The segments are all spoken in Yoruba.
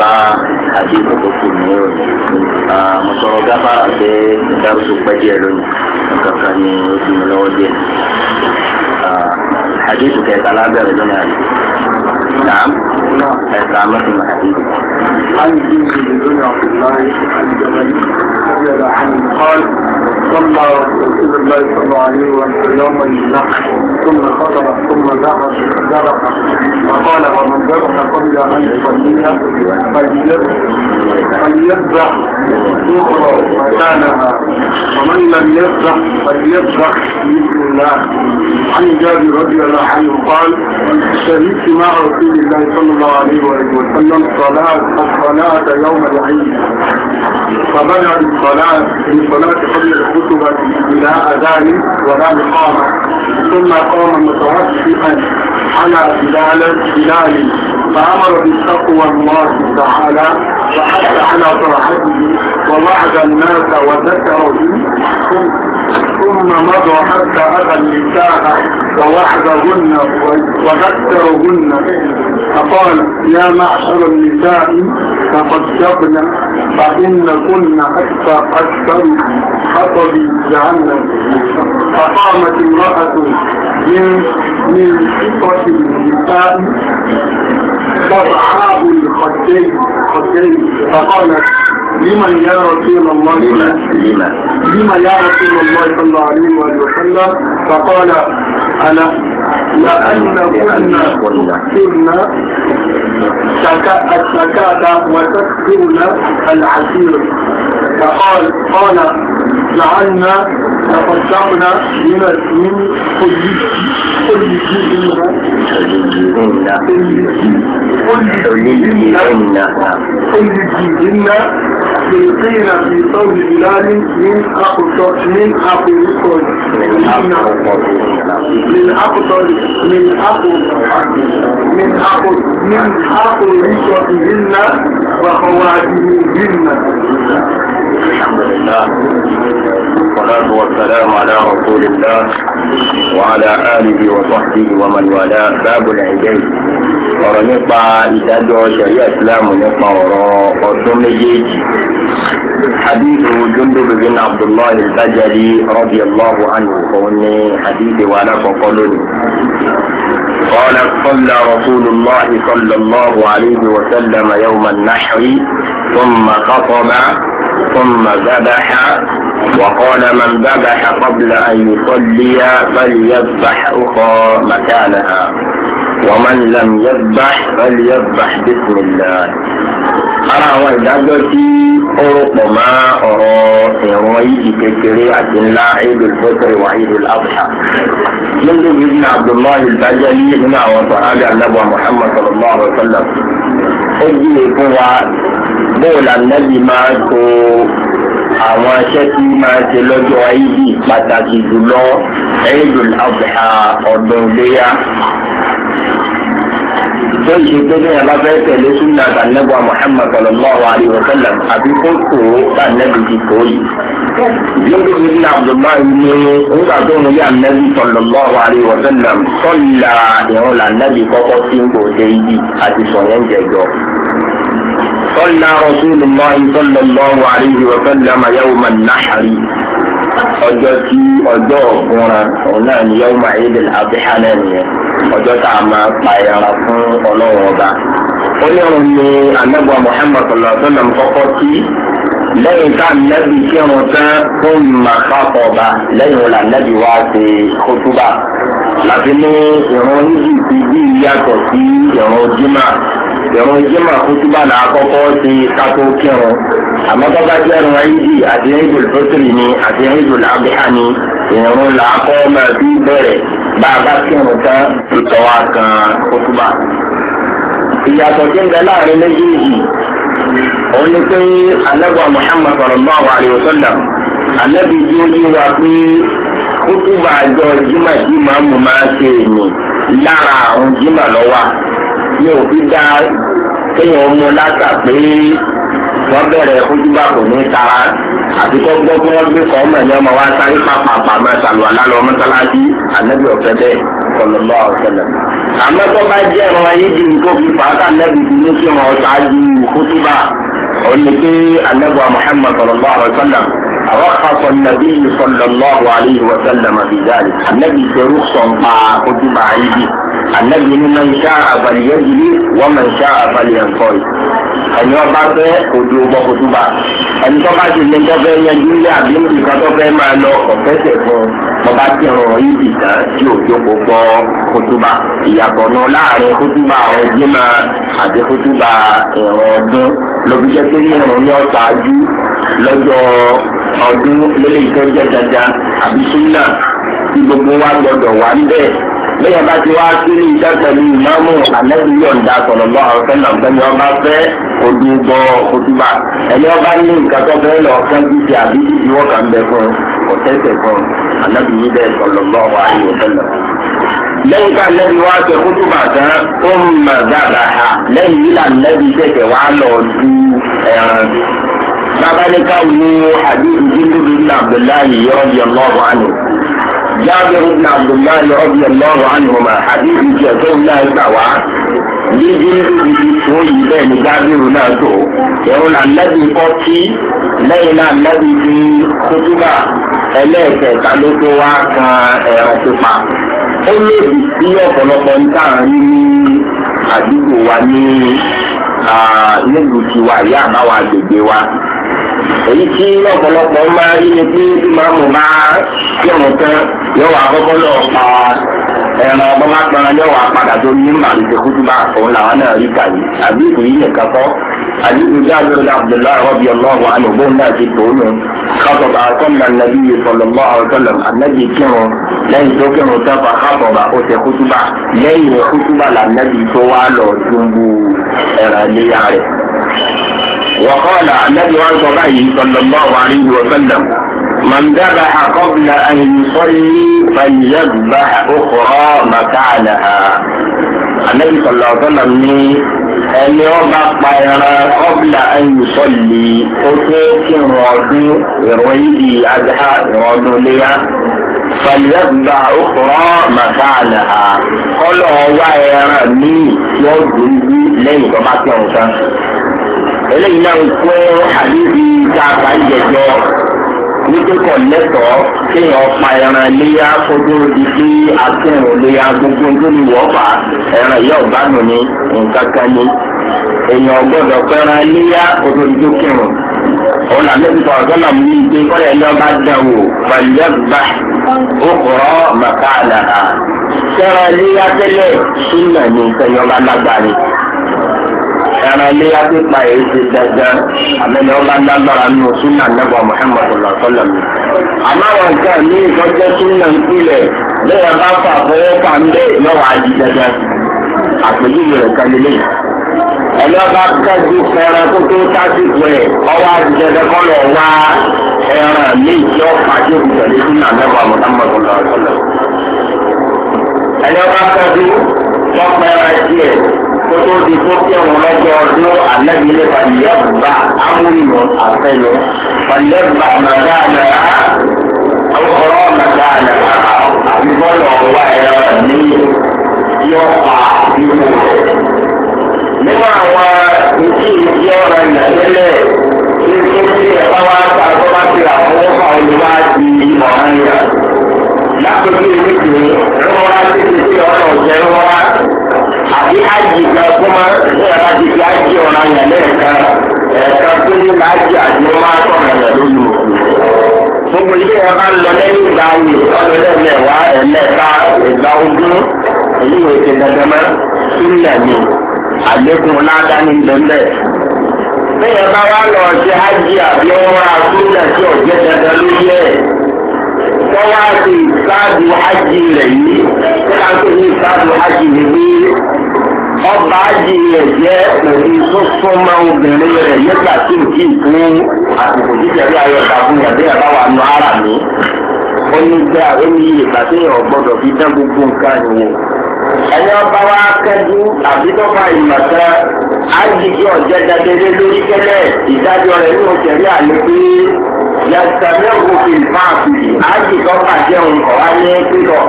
bá àdéhùn tó kù ní òní. mo sọ̀rọ̀ gábà pé dárúsù pẹ́ díẹ̀ lónìí nǹkan kan ní ojú mi lọ́wọ́ díẹ̀. àdéhùn kẹta lábẹ́rẹ̀ lónìí àná. نعم نعم هذا عمل حديث عن جنس بن عبد الله الجبلي الله عنه قال صلى رسول الله صلى الله عليه وسلم يوما ثم خطر ثم ذهب درق فقال ومن ذبح قبل أن يصليها فليذبح أخرى مكانها ومن لم يذبح فليذبح باذن الله عن جابر رضي الله عنه قال شهدت مع رسول الله صلى الله عليه وسلم صلاة الصلاة يوم العيد فمنع الصلاة من صلاة قبل الخطبة إلى أذان ولا إقامة ثم قام متوسطا على بلال بلال فأمر بالتقوى الله تعالى وحتى على طاعته ووعد الناس وذكره ثم مضى حتى أتى النساء ووعدهن وذكرهن فقال يا معشر النساء تصدقن فإن كن أكثر أكثر حطب جهنم فقامت امرأة من من والعرب الخدين خدين فقالت لمن يا رسول الله لما لما يا رسول الله صلى الله عليه وسلم فقال أنا لأنه أن سرنا الزكاة وتكبرنا العسير فقال قال جعلنا àkọ̀tàmùnà nínú ní olùdíjì nínú olùdíjì nínú olùdíjì nínú يلقينا في صوب بلال من أقصر من أقصر من أقصر من أقصر من أقصر من أقصر من أقصر وخواتمهن الحمد لله والصلاة والسلام على رسول الله وعلى آله وصحبه ومن والاه باب العيدين ورنبع إتادو شريع إسلام ونبع وراء وصوم حديث جندب بن عبد الله البجلي رضي الله عنه فوني حديث وانا فقلوني قال صلى رسول الله صلى الله عليه وسلم يوم النحر ثم خطب ثم ذبح وقال من ذبح قبل أن يصلي فليذبح أخرى مكانها ومن لم يذبح فليذبح بسم الله أرى وجدتي أرق ما أرى في كثيرة لا عيد الفطر وعيد الأضحى من ابن عبد الله البجلي هنا وصحابي النبي محمد صلى الله عليه وسلم أجي قوات bóun lànàbì máa to àwọn iṣẹ́ tí máa ṣe lọ́jọ́ ayíbi pàtàkì jùlọ Eidul Adha ọ̀dọ̀ ìléyà. tó ìṣe pé bẹ́ẹ̀ bá fẹ́ tẹ̀lé súnà tànẹ́gbà Muhammad sallallahu alayhi wa sallam àbí kó tó tànẹ́bì ti tó yìí. lórí ìlú Abdullahi ní nígbà tó ń rí ànẹ́bì sallallahu alayhi wa sallam sọ́ọ̀lá ìrún lànẹ́bì kọ́kọ́ sí ń gbòde yìí àti sọ̀yẹ́ ń jẹjọ́. صلى رسول الله صلى الله عليه وسلم يوم النحر ọjọ́ tí ọjọ́ ọ̀gbọ́nra òun náà ni yóò máa yéde àbíhá náà nìyẹn ọjọ́ tá a máa pa ẹ̀yàrá fún ọlọ́run ọba. ó ní ọ̀run ni anábọ̀ Muhammad sallallahu alaihi wasallam kọ́kọ́ kí lẹ́yìn tá nẹ́bí kírun tán fún màkàkọ̀ ọba lẹ́yìn wọn là wá ṣe kótóbà. láti ní ìrún yìí ti bí yàtọ̀ sí ìrún jimá ìrún jimá kútúbà náà kọ́kọ́ ti kátó kírun àmọ́ tó bá jẹ́ ìrún ayíjì àti ìrìndò lọ́sìrì ni àti ìrìndò làbíhà ni ìrún làákọ́ máa fi bẹ̀rẹ̀ bá a bá kírun tán ìtọ́wá kan kútúbà. ìyàtọ̀ tí ń bẹ láàrin méjèèjì òun ni pé anábọ̀ Muhammad sallallahu alaihi wasallam anábì yóò yí wa pé kútúbà àjọ jimá jimá máa ṣe èmi lára àwọn jimá ní òfin dá kéèyàn ọmọ láta pé wọ́n bẹ̀rẹ̀ ojúbà kò ní tara àti kọ́ gbọ́ bí wọ́n gbé kọ́ ọmọ ẹ̀yẹ ọmọ wa sáré pàpàpà máa sàlù àlálù ọmọ sálájú ànábì ọ̀fẹ́ bẹ́ẹ̀ kọlọ́lọ́ ọ̀sẹ̀lẹ̀. àmọ́ tó bá jẹ́ ẹ̀rọ ayédè tó fi fàákà nẹ́bì tí ní kí wọ́n ṣáájú kútúbà òun ni pé ànábì Muhammad kọlọ́lọ́ ọ̀sẹ̀lẹ̀ رخص النبي صلى الله عليه وسلم في ذلك النبي ترخص قدم عيدي النبي من شاء فليجلس ومن شاء فلينصرف ẹni ọba fẹ́ ojú ọgbọ kòtùbà ẹni tó bá ti lè tọ́fẹ́ yanjú ilé àbí nǹkan tó fẹ́ máa lọ ọ̀fẹ́sẹ̀ fún ọba tí ọ̀rọ̀ yìí ti tán tí òjò kò gbọ́ kòtùbà ìyàtọ̀ náà láàrin kòtùbà ọ̀rọ̀ jẹ́ máa àti kòtùbà ẹ̀rọ ọdún lóbi jẹ́ pé ní ẹ̀rọ ní ọ̀ṣáájú lọ́jọ́ ọdún lélẹ́yìí tó jẹ́ àbí súnà tí gbogbo wa gbọdọ̀ wà ń bẹ́ẹ̀ lẹ́yìn bá ti wá sí ní iṣẹ́ pẹ̀lú ìmáàmù àlẹ́bí yọ̀ǹda sọ̀rọ̀ lọ àwọn fẹ́lẹ̀ ọ̀gbẹ́ni ọba fẹ́ odò bọ òtúbà ẹni ọba ní nǹkan tó fẹ́ lọ fẹ́ àbí wọ́n bẹ fún fún àlẹ́bí yìí bẹ́ẹ̀ sọ̀rọ̀ lọ wà ní lẹ́yìn wá tabalika wo hadith jibiri ibn abdullahi radiyallahu anhu jabir ibn abdullahi radiyallahu anhu ma hadith jẹ tó ń láyé gbà wá yíyí níbi tí wọ́n yí bẹ́ẹ̀ ni gbádùn náà tó ìrún ànábì fọ́tí lẹ́yìn náà ànábì fi kótóbà ẹlẹ́ẹ̀kẹta ló tó wá kan ẹ̀rọ pípa ó lòdì sí ọ̀pọ̀lọpọ̀ níta ní àdúgbò wa ní nílùú tiwa ìyá àbáwá agbègbè wa èyí tí ọ̀pọ̀lọpọ̀ máa rí ni pé bí màmú bá kírun tán yóò wá kọ́kọ́ lọ pa ẹran ọgbọ́n bá pẹran yóò wá padà tó ní mà ní ìdókòtò bá òun làwọn náà rí kà yìí àbí ìkù yìí nìkan kọ́ àbí ìkù yìí àbí ìkù Abdullahi rọ́bì ọlọ́run àlùbọ́ náà ti tó nù kábọ̀bà àkọ́nà nàbí ìfọ̀lọ́mọ́ àwọ̀tọ́lọ̀ ànábì kírun lẹ́yìn tó kírun tábà kábọ̀bà ó ti kútúbà lẹ́yìn kútúbà làǹdàbì tó wá lọ dùnbù ẹ̀rọ من ذبح قبل أن يصلي فليذبح أخرى مكانها النبي صلى الله عليه وسلم ní ẹni ọba pa ẹran ọbìlà ẹyùsọlì ó tó kírun ọdún ìrún ìdí adá ìrún ọdún léyà fàlẹ́gbà òkúrọ́ màkàlà kọ́lọ̀ wá ẹran míì yóò dùn bí lẹ́yìn tó bá kírun tán. eléyìí náà ń kó àdébí tá a bá ń jẹjọ́. wípé kò lẹ́tọ̀ọ́ kéèyàn pa ẹran léyà kójú di sí akẹ́rùn léyà gbogbo tó ní wọ́pà ẹran yóò bá nù ní nǹkan kan ní. èèyàn gbọ́dọ̀ pẹ́ran léyà kójú di tó kírun. òun náà lẹ́yìn tó ọ̀gá náà mú ike kọ́lẹ̀ ẹni ọba dàn wò pẹ̀lú ẹgbà ó kọ̀ọ́ màkà àlàhà. sẹ́ran léyà tẹ́lẹ̀ sínú ẹ̀ ní ìtẹ̀yọ́ bá lágbára ẹran ilé agbépa èyí ti dandan àmẹ́ni ọba lágbára ní oṣù náà nẹ́bà Muhammadu lọ́sọ́lọ̀ mi. àmọ́ àwọn nǹkan ní ìtọ́jẹ́ súnà ń pilẹ̀ lẹ́yìn bá fà fọwọ́ fà ń bẹ́ lọ́wọ́ àjí dandan àpèjúwe rẹ̀ kan lélẹ̀. ẹni ọba kájú fẹ́ràn tó tó tásìkò ẹ̀ ọwọ́ àjí dandan kọ́ lọ wá ẹran ilé ìjọ pàṣẹ òkùnkùn ní súnà nẹ́bà Muhammadu lọ́sọ́lọ̀ ẹni ọba kájú tọ́pẹ́ kótó di kó tí ẹ̀wọ̀n mẹ́jọ ọdún àlẹ́bílẹ̀ fàlìyàbùbá amúlùmọ̀ àfẹ́lẹ̀ fàlìyàbùbá màdá àlẹ́rà ọkọ̀rọ̀ màdá àlẹ́rà àbíbọ́lọ̀ ọ̀wá ẹ̀rọ ní yọ̀pá ipò rẹ̀. nínú àwọn ìdí ìdí ọ̀rọ̀ ìyàlẹ́lẹ̀ ní kó tí ẹ̀fọ́ wa ta tó bá ti rà fún ọkọ̀ olùwà di ọ̀hán yà. lápẹ̀lú ìdíje rọ́wá títí sí ọ̀rọ̀ ọ̀jẹ̀ rọ́wá àti ájì kan kó máa ń ẹ̀ láti fi ájì ọ̀ràn yẹn lẹ́ẹ̀kan ẹ̀ẹ̀kan tó ní láti àjọ máa ń sọ̀rọ̀ yẹn lórí òkú. gbogbo ilé ẹ̀ máa ń lọ lẹ́yìn ìgbà ayé ọdún ẹ̀mẹ̀wá ẹ̀mẹ̀ta ìgbà ogún èyí ò ti dandan mọ́ sílẹ̀ ni àlékún ládání lọ́lẹ̀. bẹ́ẹ̀ bá wá lọ ṣe ájì àbí ọmọ wọ́n wá sí ìsáàdù hajj rẹ̀ yìí káńtó ní ìsáàdù hajj rẹ̀ yìí ọba hajj rẹ̀ jẹ́ òbí tuntun máa obìnrin rẹ̀ nígbà tí ò kí ì fún àsìkò jíjẹ bí ayọ̀ ta fún yàrá bí wà nù ara mi ó ní dá ó ní ìgbà téèyàn gbọ́dọ̀ fi dán gbogbo nǹkan yìí ẹni ọba wa kẹjú àbí tó fa ìmọ̀ ọ̀jẹ́ dadere lórí kẹlẹ̀ ìdájọ́ rẹ̀ ní òṣèré àlè pé yàtàmẹ́ òfin páàpì àìsíkọ́ bàjẹ́ òun kọ́ wá ní pípọ̀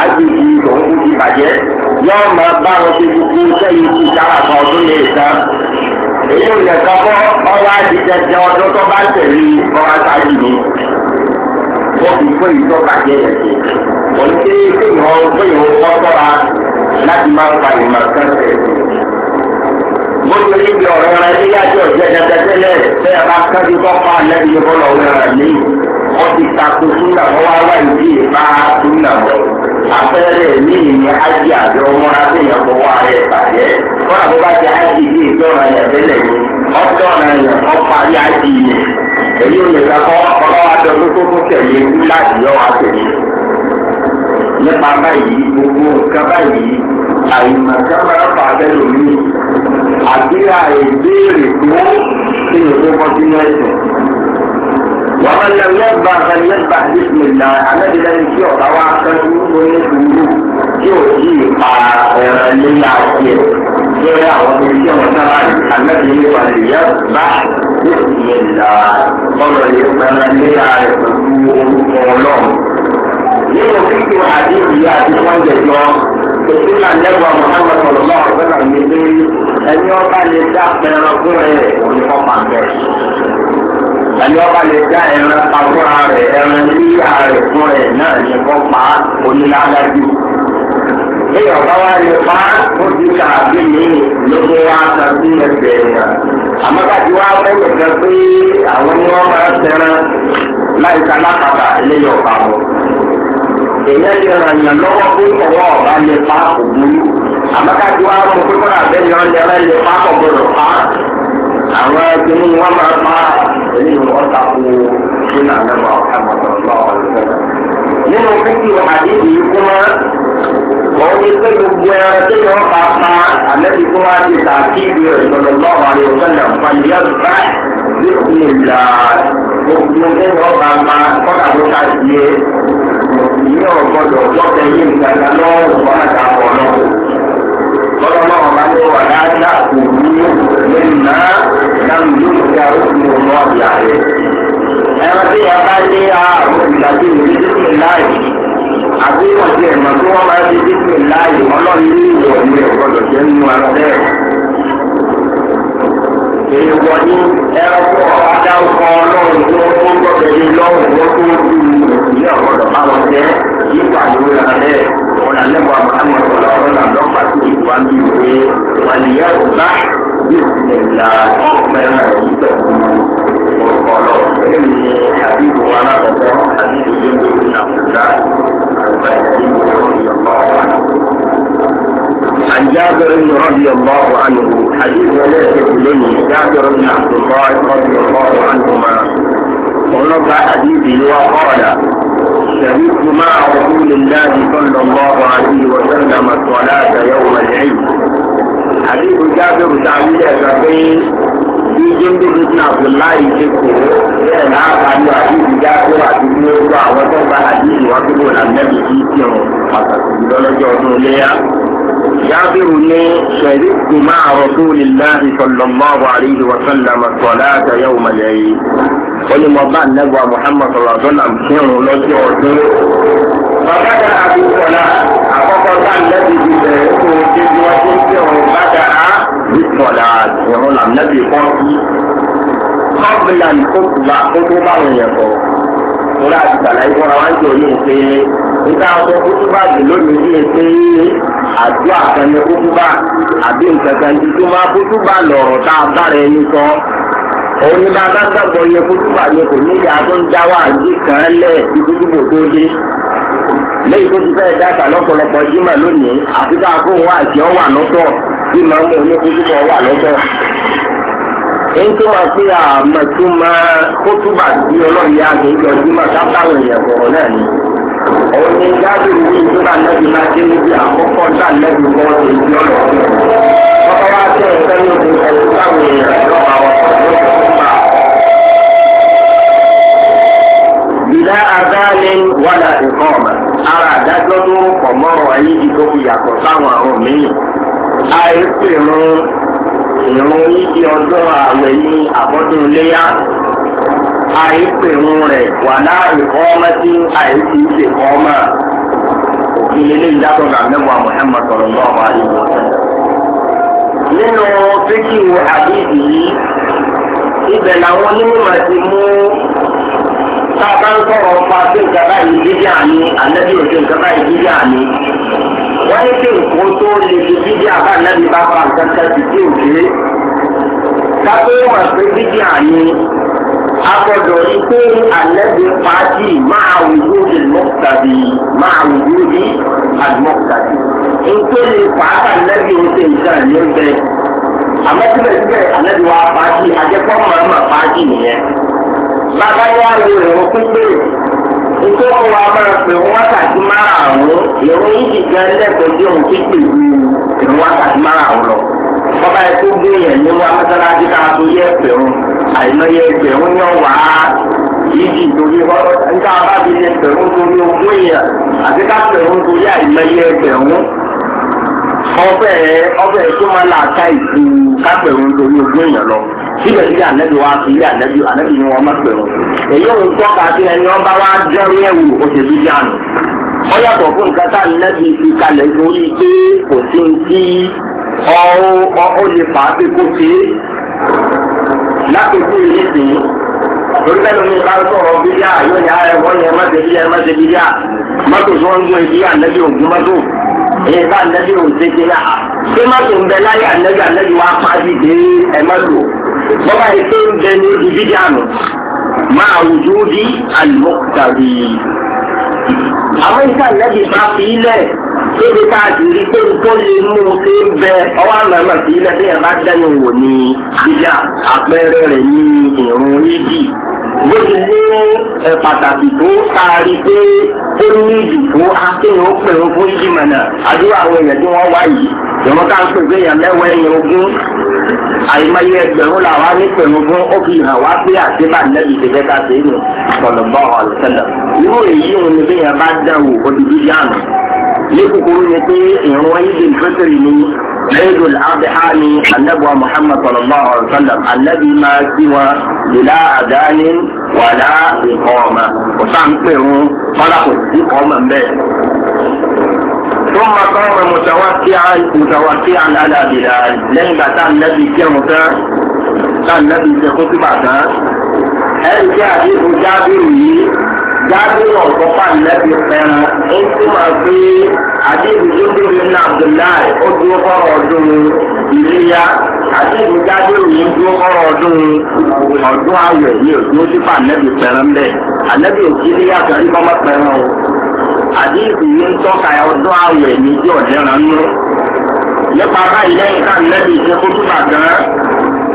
àìsíkí òun kú ti bàjẹ́ yóò máa bá wọn ṣe gbogbo sẹ́yìn ti sára kan ọdún lè san èyí ò lè sọ fọ́ ọwọ́ àdìjẹjẹ ọdún tó bá tẹ̀lé ọwọ́ fún ìlú jẹ yẹn ṣe òun ti rí kéèyàn kéèyàn kọ́kọ́ra láti máa fa ìmọ̀ kan ṣe. mo ti rí ibi ọ̀rọ̀ rẹ ní yájọ́ ìjẹ́ dẹ́dẹ́dẹ́lẹ̀ bẹ́ẹ̀ bá kájú kọ́ pa lẹ́yìn ìbọn lọ́wọ́ rẹ̀ ní wọ́n ti takò súnà wọ́n wá wá ìdí ìbá súnà wọ́n. àpẹẹrẹ ní ìyẹn ájì àjọ ọmọra kéèyàn kọ́ wá rẹ̀ bàjẹ́ wọ́n àbúrò bá ti ájì ìdí ìjọ́ra yẹn bẹ́lẹ̀ yìí ọ èyí ò lè kakọ́ ọba wa jọ kókó tó tẹ̀lé láti yọ wá tẹ̀lé. nípa báyìí gbogbo nǹkan báyìí àyùmọ̀kẹ́ máa fà bẹ́ẹ̀ lómi àbí àìbéèrè tó kí ni tó bọ́ sínú ẹ̀sìn. wàá lẹ lẹ́bàá lẹ́bàá bísí mi alẹ́ bí lẹ́yìn tí ọ̀gá wa kẹ́kọ̀ọ́ ní sùúrù tí ò sí ìpa nílá tiẹ̀ lórí àwọn tó ṣe wọn sábà ní àgbẹ̀bí nípa ìyá bá ní ìyẹn ìlà ọ̀rọ̀ lè pẹ̀lú nílá rẹ̀ pẹ̀lú orúkọ ọlọ́run. nínú fífi àdé ìyá àti wọ́njẹ jọ ètò ìlànẹ́wà mọ̀nàmọ́ sọ̀rọ̀ náà ọ̀gbẹ́nà mi pé ẹni ọba lè dá pẹ̀rọ fún rẹ̀ òní kọ́ pàǹtẹ̀. ẹni ọba lè dá ẹran pàfúra rẹ̀ ẹran níyà rẹ̀ fún rẹ̀ náà ní kọ́ pa onílágbájú bí ọ̀gá wa lè pa ó ti kà bí mi lóko wa kan sí ẹgbẹ́ rẹ̀. àmọ́ káàdì wa fẹ́ nìkan pé àwọn ni wọ́n máa ń sẹ́ran láì ká lápapà eléyìí ọ̀pá wọn. èèyàn lè ràn yàn lọ́wọ́ pé ọwọ́ ọ̀gá lè pa kò burú. àmọ́ káàdì wa mú pé kọ́ra bẹ́ẹ̀ yàn lẹ́rẹ́ lè pa kò gbọdọ̀ pa. àwọn ẹgbẹ́ ni wọ́n máa pa eléyìí ọ̀tà kú sínú àlẹ́ nínú fífi àdéhùn ṣe pé gbogbo ẹran tí wọ́n bá pa àmẹ́bí fún wa ti tà kí ibi ìṣọ̀lọ̀ bá wà ní ọ̀sẹ̀lẹ̀ pàdé ọ̀gbà lẹ́kùn ìlà gbogbo tí wọ́n bá pa kọ́nà tó ká sí ẹ. ìyẹn ọ̀gbọ́dọ̀ lọ́tẹ̀ yìí nǹkan kan lọ́wọ́ wọn àtàwọn náà. lọ́dọ̀ náà wọ́n bá ní wà láàdá òní lẹ́nà láàmú yóò fi àrùn ìmọ̀ ọ̀gbìn ààrẹ. ẹran tí wọ́n bá ní àrùn ìgbàgbé ìlú àbí wọ́n ti ẹ̀mọ́ tí wọ́n máa ń fi dípò láàyè ọlọ́run ní ìwọ̀ ni ọ̀gbọ́dọ̀ jẹ́ nínú ara bẹ́ẹ̀. èèwọ̀ ni ẹranko ọ̀dà ọkọ̀ ọlọ́run tó ń gbọ́dọ̀ yé lọ́wọ́ wọ́n tó ń du ìpínlẹ̀ ọ̀gbọ́dọ̀ bá wọn jẹ́ yípa ìwé ara bẹ́ẹ̀ wọn là lẹ́kọ̀ọ́ àmọ́ ọ̀la ọ̀la lọ́pàá sí ìwà bí ìwé wàlíyà ọ̀la yóò ti lè la mẹ́rin عن جابر رضي الله عنه حديث ليس تقبلني جابر بن عبد الله رضي الله عنهما ونضع حديثه وقال شهدت مع رسول الله صلى الله عليه وسلم الصلاة يوم العيد حديث جابر تعليق بين àti jẹ́kọ̀ọ́ ní abdullahi jẹ́kọ̀ọ́ láàbàlú àdìsí jákòó àti gbogbo àwọn tó bá àdìsí wá kúrò làmẹ́bí yìí ti hàn pàtàkì lọ́lọ́jọ́ ọdún léyà. Jábìrù ní ṣẹ̀rí kùmá àwọn tó lè láti sọ̀lọ̀ mọ́ àwọn àríyìn wọ́sán làmọ̀tọ̀ láàtọ̀ yẹ́ òmàlẹ́ yìí. Ó ní mo bá nẹ́gbàá Mùhàmmad sọ̀rọ̀ àdọ́là kírun lọ́jọ́ ọdún. Bàbá dá àbí àkọ́kọ́ bá nẹ́bí ti bẹ̀rẹ̀ fún ojú tí wọ́n ti ń kírun bá dá mọ̀lá ìrún làmúnẹ́bí kan sí kọ́bìlà ìkókùbà tó tó báwọn yẹn kọ́ ìrún àti sàlàyé fúnra wọn jọ yóò pé nígbà tó kókùbà yìí lónìí yìí pé àdúrà kan ní kókùbà àbí nǹkan kan ti tó máa kókùbà lọ̀rọ̀ tá a bára ẹni sọ òun ni bàbá gbàgbọ́ yẹ kókùbà yẹ kò ní ìyá tó ń dá wà kan lẹ̀ ìdúgbò tó dé lẹ́yìn tó ti fẹ́ dáta lọ́pọ̀lọpọ̀ jimá lónìí àti ká kó wọn àti ọwà lọ́tọ̀ bí màá mú oníkótópọ̀ ọwà lọ́tọ̀. èyí tó máa pé àmọ́ kó túbà sí ọlọ́ọ̀yà àgbẹ̀jọ jimá káfáwò yẹn bọ̀rọ̀ náà ni. òun ni gáàbì wí tó bá nẹ́bi máa dé níbi àkọ́kọ́ dá nẹ́bi mọ́ èyí ọ̀rọ̀ ọ̀rọ̀ wá tẹ̀ ẹ̀ ara àdájọ́ tó ń pọ̀ mọ́rọ̀ yìí tó fi yàtọ̀ sáwọn àwọn míì àìsè rún ìrún yíyí ọjọ́ ààwẹ̀ ní àbọ́dún léyà àìsè rún rẹ̀ wà náà ìkọ́ ọmọ ga àìsè ìṣèkọ́ ọmọ òfin eléyìí dákọ̀ náà mẹ́wàá náà wà ní ìwọ̀n sẹ́yìn nínú ibẹ̀ làwọn onímọ̀ ti mú tá a bá ń sọ̀rọ̀ pa sí nǹkan báyìí dídí àní ànábì òṣè nǹkan báyìí dídí àní. wọ́n ní kí nǹkan tó lè fi dídí àbá ànábì bá pa nǹkan kan sí sí òṣèré. kápẹ́ wà pé dídí àní agbọ́dọ̀ yìí pé ànábì pàtì máa wùdú di mọ́kàdì máa wùdú di àdìmọ́kàdì. nǹkan lè pàápàá ànábì òṣè nǹkan ní ọ̀gbẹ́. àmọ́ síbẹ̀síbẹ̀ ànábì wa pàtì àjẹpọ̀ máa pàtì nìyẹn lágbájá lè rìn pípé ìtò wa máa pè wákàtí márààrún ìrún yìí gan lẹ́gbẹ̀ẹ́ bí òun pípé ìrún wákàtí márààrún lọ. bọ́bá yẹn tó gbé yẹn ní wa mọ́sálásí ká tó yẹ ẹgbẹ̀rún àìmọye ẹgbẹ̀rún yẹn wà á yíyí torí wọn nígbà bá fi ẹgbẹ̀rún torí ogún yẹn àti ká ẹgbẹ̀rún torí àìmọye ẹgbẹ̀rún ọbẹ̀ ọbẹ̀ tó máa là ká ìlú kápẹ̀rún lórí ogún èèyàn lọ síbẹ̀ sí ànẹ́bí wa sí ànẹ́bí ànẹ́bí ni wọ́n mọ̀pẹ̀rún èyí òun tọ́ka sí ẹni ọba wa jẹ́rí ẹ̀wù òṣèlú jáàmù wọ́n yàtọ̀ fún nǹkan tá ànẹ́bí fi kalẹ̀ lórí pé kò sí ní tí ọ ó lè fà á pé kó ṣe é lápẹ̀kú torí bẹ́ẹ̀ lómi bá ń sọ̀rọ̀ bíyà yóò ní ààrẹ wọ́n yẹn mọ́tò bíyà mọ́tò bíyà mọ́tò tí wọ́n ń gbé bíyà nẹ́bí ògùn mọ́tò èyí bá nẹ́bí ògùn tètè yà á pé mọ́tò ń bẹ láyé ànẹ́bí ànẹ́bí wa pàdé dé ẹ mọ́tò bọ́bá yìí pé ń bẹ ní ibi díànù máa wùdú bí àlùmọ́kùtà bíi àwọn ìta nẹ́bí bá fi ilẹ̀ kéde ká àdìrí pé tó lè mú un ṣe ń bẹ ọwọ́ àmàmà sí ilẹ̀ tí yẹn bá dẹ́yìn wò ní jíjà àpẹẹrẹ rẹ̀ ní ìrún yídì bó ti ní pàtàkì tó taari pé ó ní ìdìbò akéwìn ó pè fún ìjìmọ̀nà àdúrà àwọn èèyàn tí wọ́n wá yìí ìwọ́n ká ń pè pé èèyàn mẹ́wàá ẹ̀yìn ogún àìmọye ẹgbẹ̀rún làwọn ní pè ó fi hàn wá pé àti bá nẹ́bí ti ká ṣe é nù sọ̀lọ̀ bọ́ọ̀ irú èyí òun ni bí yẹn bá d dàwò òdìdí yáàmù ní kúkúrú ni pé ìrún ayé lè fẹsẹ̀rì ni lẹ́yìn al-adha ni anabuwa muhammad sallallahu alaihi wa sallam anabi máa sí wa lílá àdáni wàlá ìkọ́ọ̀mà kò sáà ń pè wọn fọlá kò sí kọ́ọ̀mà bẹ́ẹ̀. ثم قام متوكعا متوكعا على بلال لين بعد النبي كان كان النبي كان بعد هل جاء حديث جابر jáde ọ̀gbọ́ pàǹdẹ́bí fẹ́ràn ó túmọ̀ pé àdébùdó bíbí ní abdullahi ó dúró fọ́rọ̀ ọdún ìléyà àdébùdó jáde òyìn dúró fọ́rọ̀ ọdún ọdún ayọ̀ yìí ò dúró sí pàǹdẹ́bí fẹ́ràn bẹ́ẹ̀ àdébì òkè ní yàtọ̀ ní kọ́mọ́ fẹ́ràn o àdébì yìí ń tọ́ka ọdún ayọ̀ ní tí ọ̀dẹ́ràn nú nípa báyìí lẹ́yìn káàdì lẹ́bí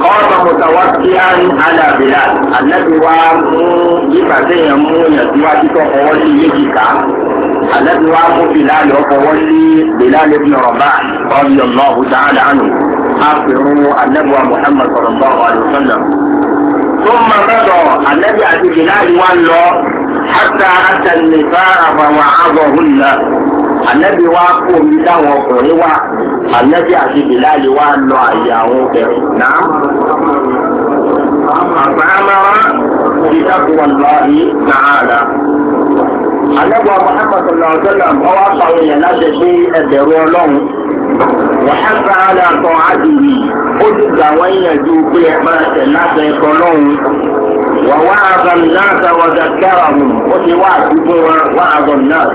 kọ́ọ̀tù mùtàwákìá alàbìlà àlẹ́bí wa mú yípa téèyàn mú yàn síwájú tó fọwọ́ sí méjì ká àlẹ́bí wa mú bìláàlì ọ̀fọwọ́ sí bìláàlì bí ọ̀rọ̀bá ọ̀yọ̀ náà hùtà àdánù àpèrún àlẹ́bí wa muhammad sọ̀rọ̀bá ọ̀lùsọ̀lọ̀. tó máa bẹ̀rọ̀ àlẹ́bí àti bìláàlì wa lọ hàtà àtàlẹ́fà àbàwà àbọ̀hùn náà ànábì wa kó omi dáwọn ọkùnrin wa ànábì àti bìláàlì wa lọ àyè àwọn obìnrin náà. àbámára ìdáàbò wà lọ́ọ̀hí nàárà. ànábì wa Muhammad sallallahu alaihi wa sallam ọwọ́ àpàwọn èèyàn láti gbé ẹgbẹ̀rún ọlọ́run wàhálà àlàkọ̀ àdìrí ó ti gbà wọ́n yànjú pé ẹ máa tẹ̀ láti ẹ̀kọ́ lọ́hùn-ún. ووعظ الناس وذكرهم قلت وعظ وعظ الناس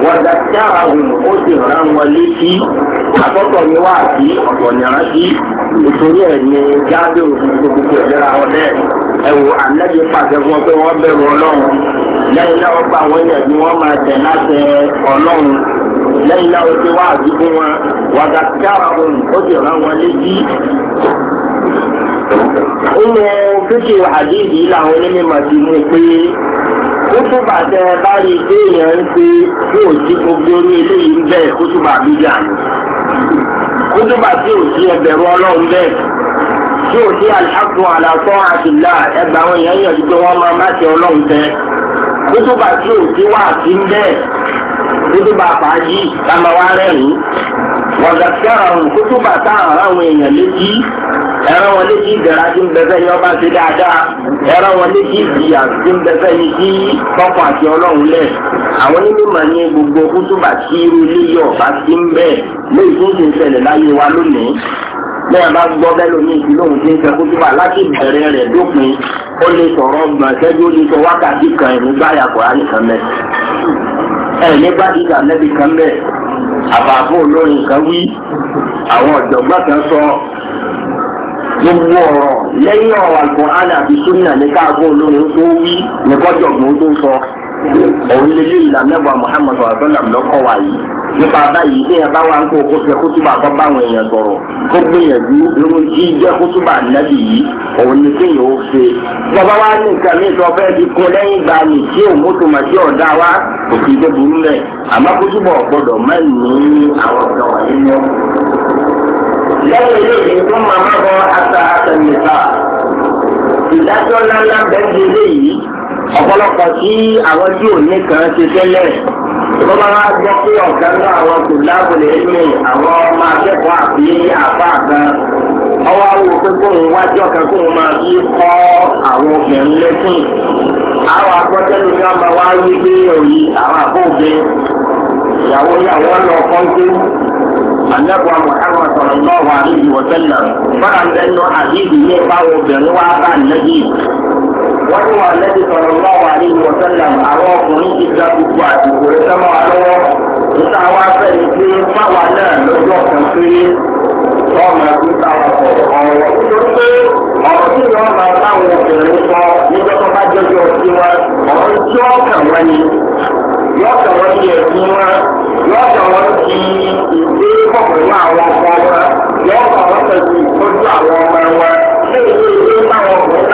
وذكرهم قلت ران وليتي أتوقع وعظي ونرسي nítorí ẹ̀ ní jáde òfin tó gbogbo ìlera ọ̀lẹ́ ẹ̀wò ànábi pàṣẹ fún ọ pé wọ́n bẹ̀rù ọlọ́run lẹ́yìn náà wọ́n gba àwọn èèyàn bí máa tẹ̀ láti ọlọ́run lẹ́yìn náà ó ti wá àdúgbò wọn wàgàtí ó ti rán wọn létí nínú fífi àdéhìí làwọn onímọ̀ ti mú pé kútùbà tẹ bá rí pé èèyàn ń pe bí ò sí gbogbo orí eléyìí ń bẹ́ẹ̀ kútùbà bíjà ni kútùbà tí ò sí ẹbẹ̀rún ọlọ́run bẹ́ẹ̀ tí ò sí àlàkùn àlàkọ́ àtìlá ẹgbà àwọn èèyàn yàn wípé wọ́n máa má tẹ ọlọ́run tẹ kútùbà tí ò sí wà sí ń bẹ́ẹ̀ kútùbà fàájì ká máa wá rẹ́rìn-ín wọ̀gàkẹ́rọ̀hún kútùbà táwọn àwọn èèyàn létí ẹ̀rọ wọn létí ìdẹ̀ra tí ń bẹ̀fẹ́ yìí ọba ṣe dáadáa ẹ̀rọ wọn létí ìdíyà tí ń bẹ̀fẹ́ yìí sí kọ́kọ́ àti ọlọ́run lẹ̀ àwọn onímọ̀ ní gbogbo kútùbà tí irú iléyìí ọba ti ń bẹ̀ léyìí tó ń ṣe ìṣẹ̀lẹ̀ láyé wa lónìí bẹ́ẹ̀ bá gbọ́ bẹ́ẹ̀ lómi ìfìlóhùn tí ń ṣe kútùbà láti ìbẹ̀rẹ̀ rẹ̀ dópin ó lè sọ̀rọ̀ ọgbọ̀n àbàbò olórin kan wí àwọn ọ̀jọ̀gbọ́n kan sọ gbogbo ọ̀rọ̀ lẹ́yìn ọ̀rọ̀ àgbọ̀n àdàbí súnmọ́ ní káàbọ̀ olórin tó wí ní tó sọ òun lè lè ìlànà ẹ̀bùn Muhammad ọ̀dọ́là lọ́kọ̀ wà yìí nípa báyìí bí ẹ bá wà ń kó kó ṣe kótóbà kó báwọn èèyàn sọ̀rọ̀ kó gbìyànjú lóhun tí jẹ́ kótóbà nàbì yìí òun ni kí yóò ṣe. bàbá wa ní nǹkan mi sọ fẹ́ ti kún lẹ́yìn ìgbà mi tí òun mọ́tò mà sí ọ̀dá wa kò sì dé burú mẹ́ àmọ́ kótóbà ọ̀gbọ́dọ̀ má ní àwọn ọ̀dọ́ wà nínú. lẹ́yìn eléyìí tó máa ọ̀pọ̀lọpọ̀ tí àwọn tí ò ní kan ṣe tẹ́lẹ̀ tó bá wá gbọ́ pé ọ̀gá náà àwọn kò lábòlè ní àwọn ọmọ akẹ́kọ̀ọ́ àbí àbá kan ọwọ́ awo pé kóun wájú ọ̀kan kóun máa fi kọ́ àwọn obìnrin lẹ́sìn àwọn agbọ́tẹ́lu ní ọmọ wa wí pé òyì àwọn àbóògbé ìyàwó ní àwọn lọ kọ́ńté anabuwa muhammad sallallahu alaihi wa sallam fara ń bẹnu àdìdì ní báwo obìnrin wa bá nàbí wọ́n ní wọn lẹ́bi sọ̀rọ̀ lọ́wọ́ àlejò ọ̀sẹ̀lẹ̀ àwọn ọkùnrin ti gba gbogbo àsìkò rẹ̀ sọ́mọ́ wa lọ́wọ́ níta wá fẹ́ ni pé fáwa náà lọ́jọ́ kan péré ọmọ ẹgbẹ́ táwọn ọ̀rọ̀ ọ̀rọ̀ nítorí pé ọ̀rọ̀ tí wọ́n máa báwọn obìnrin sọ níjọ́ tó bá jọjọ́ sí wọn ọ̀rọ̀ tí ó kàn wọ́n ni yóò kàn wọ́n ní ẹ̀sìn wọn yóò kàn wọ́n ti ìgbé pọ̀ pẹ̀lú àwọn ọmọ wọn yóò kàn wọ́n pẹ̀lú ìtọ́jú àwọn ọmọ wọn.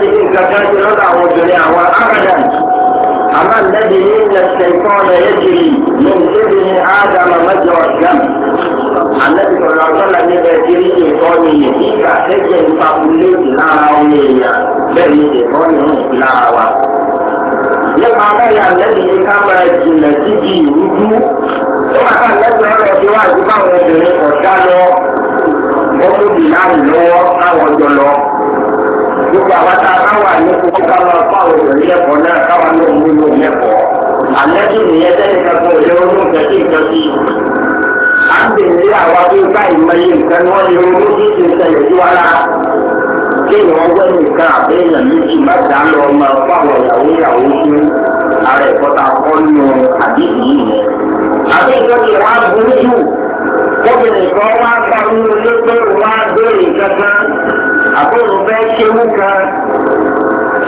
ti ní nǹkan kan ti lọ́dọ̀ àwọn obìnrin àwọn ágàdàn àmà lẹ́bi ní ilẹ̀ ìtọ́nà ẹ̀jìrì ní ìdíbi ní ádámà mẹ́jọ ọ̀gám àlẹ́bi sọ̀rọ̀ ọ̀gọ́là ní ẹ̀jìrì ìtọ́ni yìí ìgbà ẹ̀jẹ̀ ìfakuléèdì lára ọmọ èèyàn bẹ́ẹ̀ ni ìtọ́ni lára wa. nípa bẹ́ẹ̀ àlẹ́bi ní ká máa jìnà síbi ìrújú nípa ká lẹ́bi ọ̀rọ̀ ti wá ìdúgbà gbogbo àwọn tá a bá wà ní kókó ká máa kọ́ àwọn èèyàn lẹ́kọ̀ọ́ náà káwọn náà mú lò lẹ́kọ̀ọ́ àlẹ́jù nìyẹn sẹ́yìn kankan ò lè ronú kẹ́kí nǹkan sí i. à ń bèèrè àwa bí báyìí mọ iye nǹkan ni wọ́n lè ronú sí ìṣẹ̀lẹ̀ ìṣẹ̀lẹ̀ sí wa la. kí ni wọ́n gbẹ́ nìkan àbẹ́yẹn méjì má dá lọ ọmọ fún àwọn ìyàwó ìyàwó sí ara ìkọta kọ́ nù àdéhùn yìí àbí ìtọ́jú àbúrò fẹ́ ṣéwú kan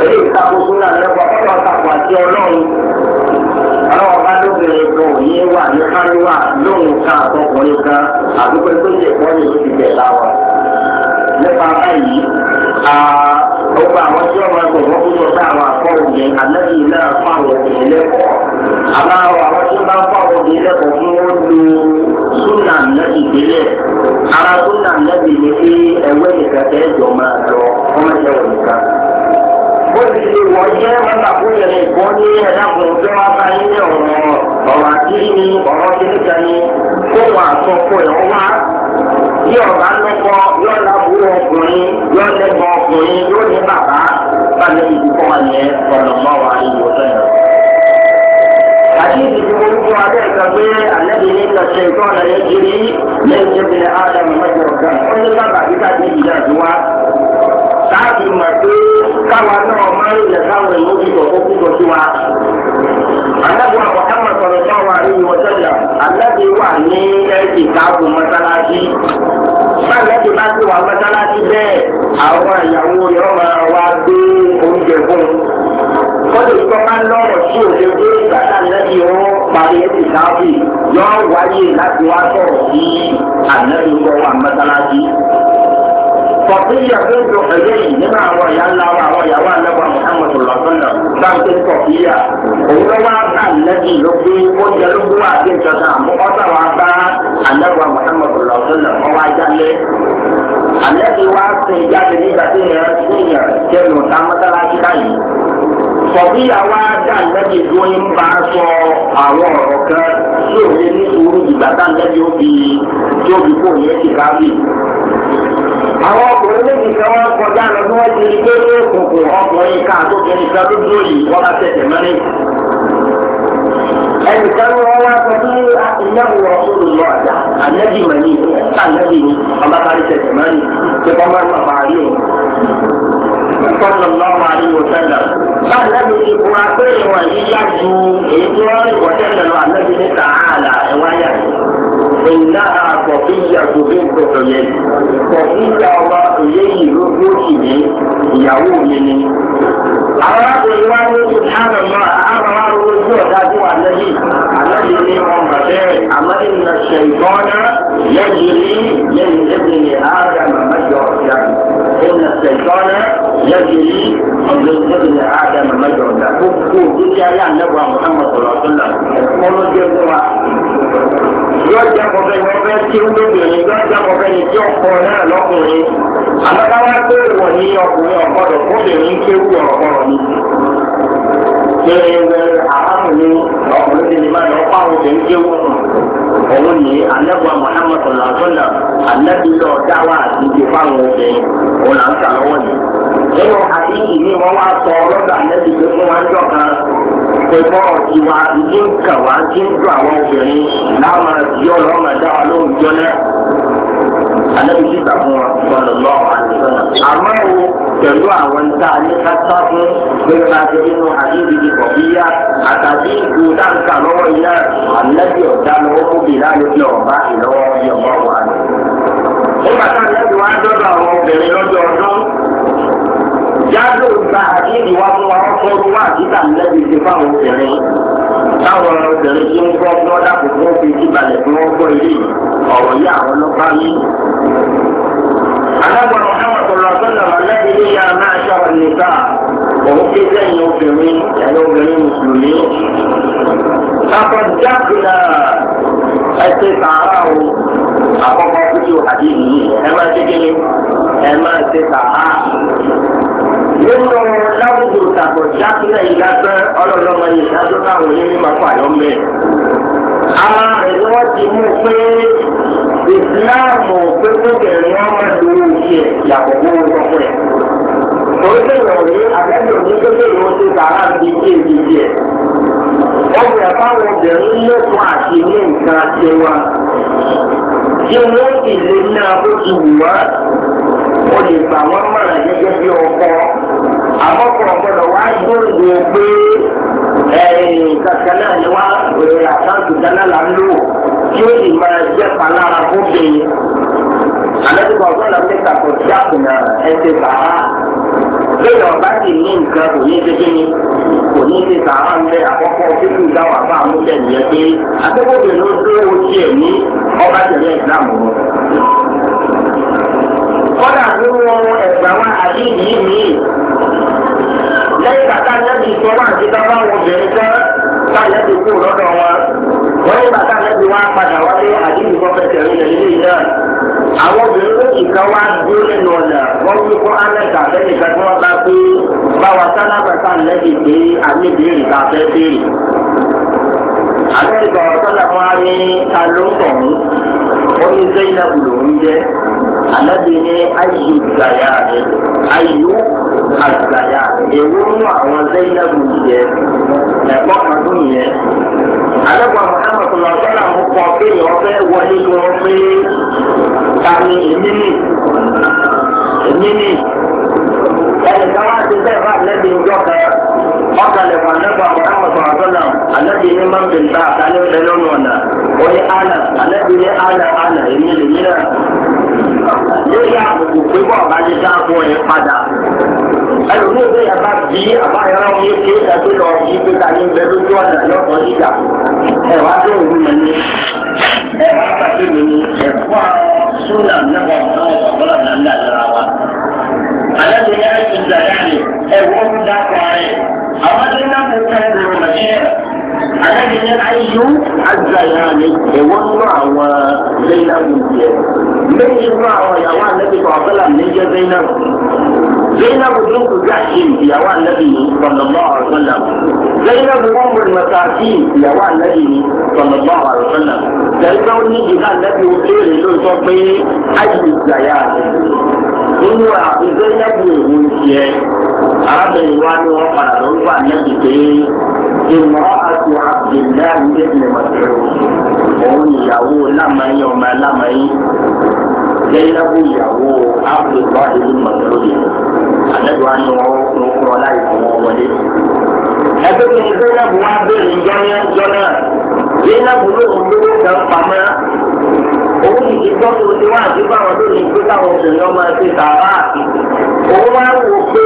èyí ìtakùkù náà lẹ́kọ̀ọ́ fẹ́ ọ̀tàkùn àti ọlọ́run ọlọ́wọ́ bá lóbìnrin kan ò wà ní káríwá lóhùn ká àtọkùnrin kan àdúgbò tó yẹ kọ́ ní oṣù kẹta wa. nípa báyìí gbogbo àwọn tí wọ́n máa gbọ̀ wọ́n kú àwọn akọ́ òye àlẹ́yìn náà fáwọn obìnrin lẹ́kọ̀ọ́ àmọ́ àwọn tí wọ́n bá fáwọn obìnrin lẹ́kọ̀ọ́ fún wọn lu súnà nẹ́bì délẹ̀ ara súnà nẹ́bì ni pé ẹ̀wẹ́ nìkan tẹ́ jọ máa lọ ọmọ ìyá wọn nìkan. bó ti lè wọ́n jẹ́ mọ́tà fún yẹn nìkan ní ẹ̀dàkùn tó wá bá yín ní ọ̀rọ̀ ọ̀rọ̀ àkírí ni ọ̀rọ̀ kíníkà ni kó wà sọ fún ẹ̀ wá bí ọ̀bá lọ́kọ yóò lábúrò ọkùnrin yóò lẹ́gbọ̀n ọkùnrin yóò ní bàbá bá lẹ́yìn ìdíkọ́ wa yẹn ọ̀nà mọ́wàá ìwòsàn حديث يقول عليك الذي ليس الشيطان يجري ليس ابن ادم مجرى الدم كل سبع كتاب من جزوة sáàbì mọ̀ pé káwa náà máa ń yẹ káwọn èèyàn bí kọ̀ọ̀kọ́ kú lọ sí wa. Àlẹ́bùn Àbọ̀kámọ̀ sọ̀rọ̀ sọ́wọ́ àríwí ọ̀sẹ̀lẹ̀ àlẹ́bí wà ní ẹ̀ẹ́dì káàbù mọ́sálásí. Báyọ̀dé bá ti wà mọ́sálásí bẹ́ẹ̀ àwọn ìyàwó yọ̀ máa wá gbé oúnjẹ fún un wọ́n lè sọ máa ń lọ́rọ̀ sí òde pé ìgbàdá nẹ́bí wọn parí ẹ̀sìn káfí yọ wáyé láti wá sọ̀rọ̀ sí ànẹ́bí wọn wà mọ́sálásí. Kọ̀fíyà tó ń lo ẹ̀yẹ́ yìí nínú àwọn ìyá ńlá wa àwọn ìyàwó àlẹ́wà Mùhàmmadu Lọ́sọ̀nà sáńté kọ̀fíyà. Òun ló wá bá ànẹ́bí ló gbé oúnjẹ ló gbé wá sí ìjọba àmọ́ ọ̀sán wa bá àlẹ́wà Mùhàmmadu Lọ́sọ̀nà wọ́n wá jálẹ̀ àlẹ́bí wá sí ìjáde nígbà tí ìyẹn ti yàn jẹ́ lò tá báyìí sọ̀bí àwa dá lẹ́bi tó ń bá sọ àwọn ọ̀rọ̀ kan yóò lé ní sùúrù ìgbà dá lẹ́bi ó fi tí ó fi kó yẹn ti ká bì. àwọn ọkùnrin méjì kan wọn kọjá lọ bí wọn ti rí pé ó kòkòrò ọkùnrin ká tó kẹrin kan tó dúró yìí wọn bá tẹsẹ̀ mọ́lẹ̀. ẹnìkan ni wọn wá sọ pé ìyàwó ọkùnrin lọ àjà àlẹ́bí mọ̀ ní ìlú àlẹ́bí ni ọba bá rí tẹsẹ̀ mọ́lẹ̀ pé kọ́ máa ń bàbá rí òun sallallahu alaihi wa sallam alábi ti fún wa pé ìwọ̀n yìí yá ju èyí tí wọ́n rí wọ́tẹ́ lẹ́nu alábi ní sàhálà ẹ̀wọ̀n yá ìlà àkọ́fíyà tó fi ń kọ̀tọ̀ yẹn kọ̀fíyà ọba òyeyì ló gbóòkì ní ìyàwó mi ni. àwọn arákùnrin wa ló ti hàn mọ́ àwọn arúgbó ojú ọ̀dá tó wà lẹ́yìn àlọ́yìn ní wọn bàtẹ́ àmọ́ ìnà ṣẹ̀gbọ́nà yẹ́n yìí lẹ́yìn lẹ́yìn ní àádọ́ màmájọ ọ̀dà ìnà ṣẹ̀gbọ́nà yẹ́dìrí ọ̀gbẹ́sẹ̀lẹ̀ ádámù mẹ́jọ ọ̀dà gbogbo òkúti ayé àlẹ́wà mọ̀nàmọ̀ sọ̀rọ̀ ọ̀tọ́lá ọ̀nà jẹ́ fún wa. yóò jẹ́ kọfẹ́ ní ọfẹ́ tí ó lóbìnrin yóò jẹ́ kọfẹ́ ní tí ọkọ náà lọ́kùnrin. àbábáwá pé wọ̀ ní ọkùnrin ọ̀gbọ́dọ̀ fóbìnrin kéwù ọ̀rọ̀kọ̀rọ̀ ni. ṣé ẹgbẹ́ arákùnrin ọkùnrin ti lè má lọ fáwọn obìnrin kéwù òun ni alẹ́bùa muhammed sọ̀lá sọ̀lá alẹ́bí lọ dáwà àti ìfáwọn obìnrin òun là ń kà lọ́wọ́ nínú àdéhùn mi wọ́n wá sọ ọlọ́dà lẹ́bi pé fún wa ń jọ̀ka pé bọ́ọ̀ ti wa ilé ń kà wá tí ń dùn àwọn obìnrin láwọn àti ọlọ́mọ dá wa lóhùn jọ náà. Àlẹ́bí ti gbà fún wa sọ̀rọ̀ lọ́wọ́ àdìsọ́nà. Àmọ́ o pẹ̀lú àwọn tá a ní ká sá fún gbẹ́gbẹ́ bá ti nínú àdéhùn ìdìbò bíyá àtàdé ìlú dáńkà lọ́wọ́ iná àlẹ́bí ọ̀dá lọ́wọ́ kóbi láyé bí ọ̀bá ìlọ́wọ́ bí ọ̀bá wà ní. Nígbà tá jáde òǹkà àti ìwà fún wa wọn fún ọdún wa àti ìtàlẹ́bí ti fáwọn obìnrin táwọn obìnrin tí ń gbọ́ gbọ́ dàpọ̀ fún òfin ìbàlẹ̀ tí wọ́n gbọ́ ilé ọ̀rọ̀ yìí àwọn ọlọ́pàá yìí. alágbọ̀n ọ̀hún ọ̀rọ̀ sọ́nà lẹ́yìn ilé ya máa ṣọ̀rọ̀ níta òun ké sẹ́yìn obìnrin ẹ̀yọ́ obìnrin mùsùlùmí. akọ̀jáfìlà ẹ̀sẹ̀ sàárà o àkọ́kọ́ fídíò àdéhùn ẹ máa ṣe kí ni ẹ máa ṣe sàárà nínú láwùjọ tàbọ̀ jákèjá yìí lágbẹ́ ọlọ́lọ́mọ yìí dájọ́ káwọn yẹn ní màkà àyọ́mẹ́. ara rẹ̀ ni wọ́n ti mú pé ìsìláàmù pépébẹ̀rẹ̀ wọn máa lo òkè yàtọ̀ fún ọkọ̀ ẹ̀. torí pé ìwọ̀n ní abẹ́lẹ̀ òní pépé ìwọ ti bàrà bí kí èdè díẹ̀. wọ́n bẹ̀rẹ̀ fáwọn obìnrin lẹ́kọ̀ọ́ àti ní nǹkan tiwa. tí wọ́n sì lè ní abótiwù wá o lè gbà wọ́n mọ̀ràn gẹ́gẹ́ bí ọkọ àkọ́kọ́ gbọ́dọ̀ wá gbòòrò pé ẹ̀yìn kankan náà ni wá èrè àkáǹtì kanáà là ń lò tí ó sì máa jẹ́ palára fún bẹ́ẹ̀. àlẹ́sìkò ọ̀gbọ́n náà ti kàkọ́ sí àkùnà ẹsẹ̀ bàá lórí ọba sì ní nǹkan kò ní ṣe kíni kò ní ṣe sàárà ń bẹ àkọ́kọ́ fífi ìdáwọ̀ àbá àmúlẹ̀ nìyẹn pé akẹ́kọ̀ọ́ bẹ̀rẹ̀ ló dúró ojú ẹ̀ ní ọba tẹ̀lé ìsìlámù kọ́dà nínú ẹ̀gbà wa àbí yìí mi. lẹ́yìn bàtà nẹ́bí ìṣọ́wọ́ àti bàbá wọn obìnrin tán bá nẹ́bí kú lọ́dọ̀ wọn. wọ́n ní bàtà nẹ́bí wọn padà wálé àbí ìwọ́n fẹsẹ̀ rí lẹ́yìn ilé náà. àwọn obìnrin méjì kan wá dé nínú ọ̀nà wọ́n wí fún anẹ́ta lẹ́yìn kan tí wọ́n bá pé báwa sáná bàtà nẹ́bí pé àmì ìbéèrè bá fẹ́ béèrè. àbẹ́rẹ́ ìgbà ọ̀sán làwọn á ta ló ń bọ̀ alábi ní ayé ìgbàyà rẹ̀ ayé àgbàyà èwo nínú àwọn zainabu yẹ ẹ̀kọ́ kan tó. àbí àbáyọ̀rọ̀ wọn yóò ṣe é ṣàtúntò lọ sí pé ta ní bẹ lójú ọ̀nà lọ́kọ̀ọ́ nígbà ẹ wá tó òru mọ̀ ní ẹ wá pàṣẹ mi ní ẹ̀kọ́ súnà nípa ọ̀sán ọ̀pọ̀lọ̀ nàndà lára wa. Àlejò yẹn ti gbà yára ẹ̀wọ́ ń dákọ̀ rẹ̀. Àwọn tó náà kò ká ẹ̀rọ rẹ̀ ṣẹ́ Àlejò yẹn ayú àgbàyà ni ẹ̀wọ́ nínú àwọn lẹ́yìn àwọn ìjẹ́. Lẹ́yìn nínú àwọn ìyàwó àlejò ọ̀pọ̀lọ̀ níjẹ́ lẹ́yìn náà. Zainabu sun ku gashi yawa annabi ne sallallahu alaihi wasallam. Zainabu wambul masaki yawa annabi ne sallallahu alaihi wasallam. Zainabu wani jika annabi o tere ló sọ pé ayé ìjàyà nínú àti Zainabu èwo jẹ arábìnrin wa ni wọn padà ló ń gbà annabi pé ìmọ̀ àti Abdullahi ibn Mas'ud òun ìyàwó lámàáyé ọmọ lámàáyé lẹ́yìnláwó ìyàwó áfíríkà ìlú mọ̀tòlóyè àlẹ́dùá ni wọ́n ń kúrọ̀ láì fún wọn wọlé. ẹgbẹ́ mi ní zainabu wá bẹ̀rẹ̀ jọ́nà jọ́nà zainabu lóhùn lówó kan pamọ́ owó ìdí tọ́jú ti wá àti báwọn tó ní pé káwọn obìnrin ọmọ ẹgbẹ́ sàrà òun wá wò pé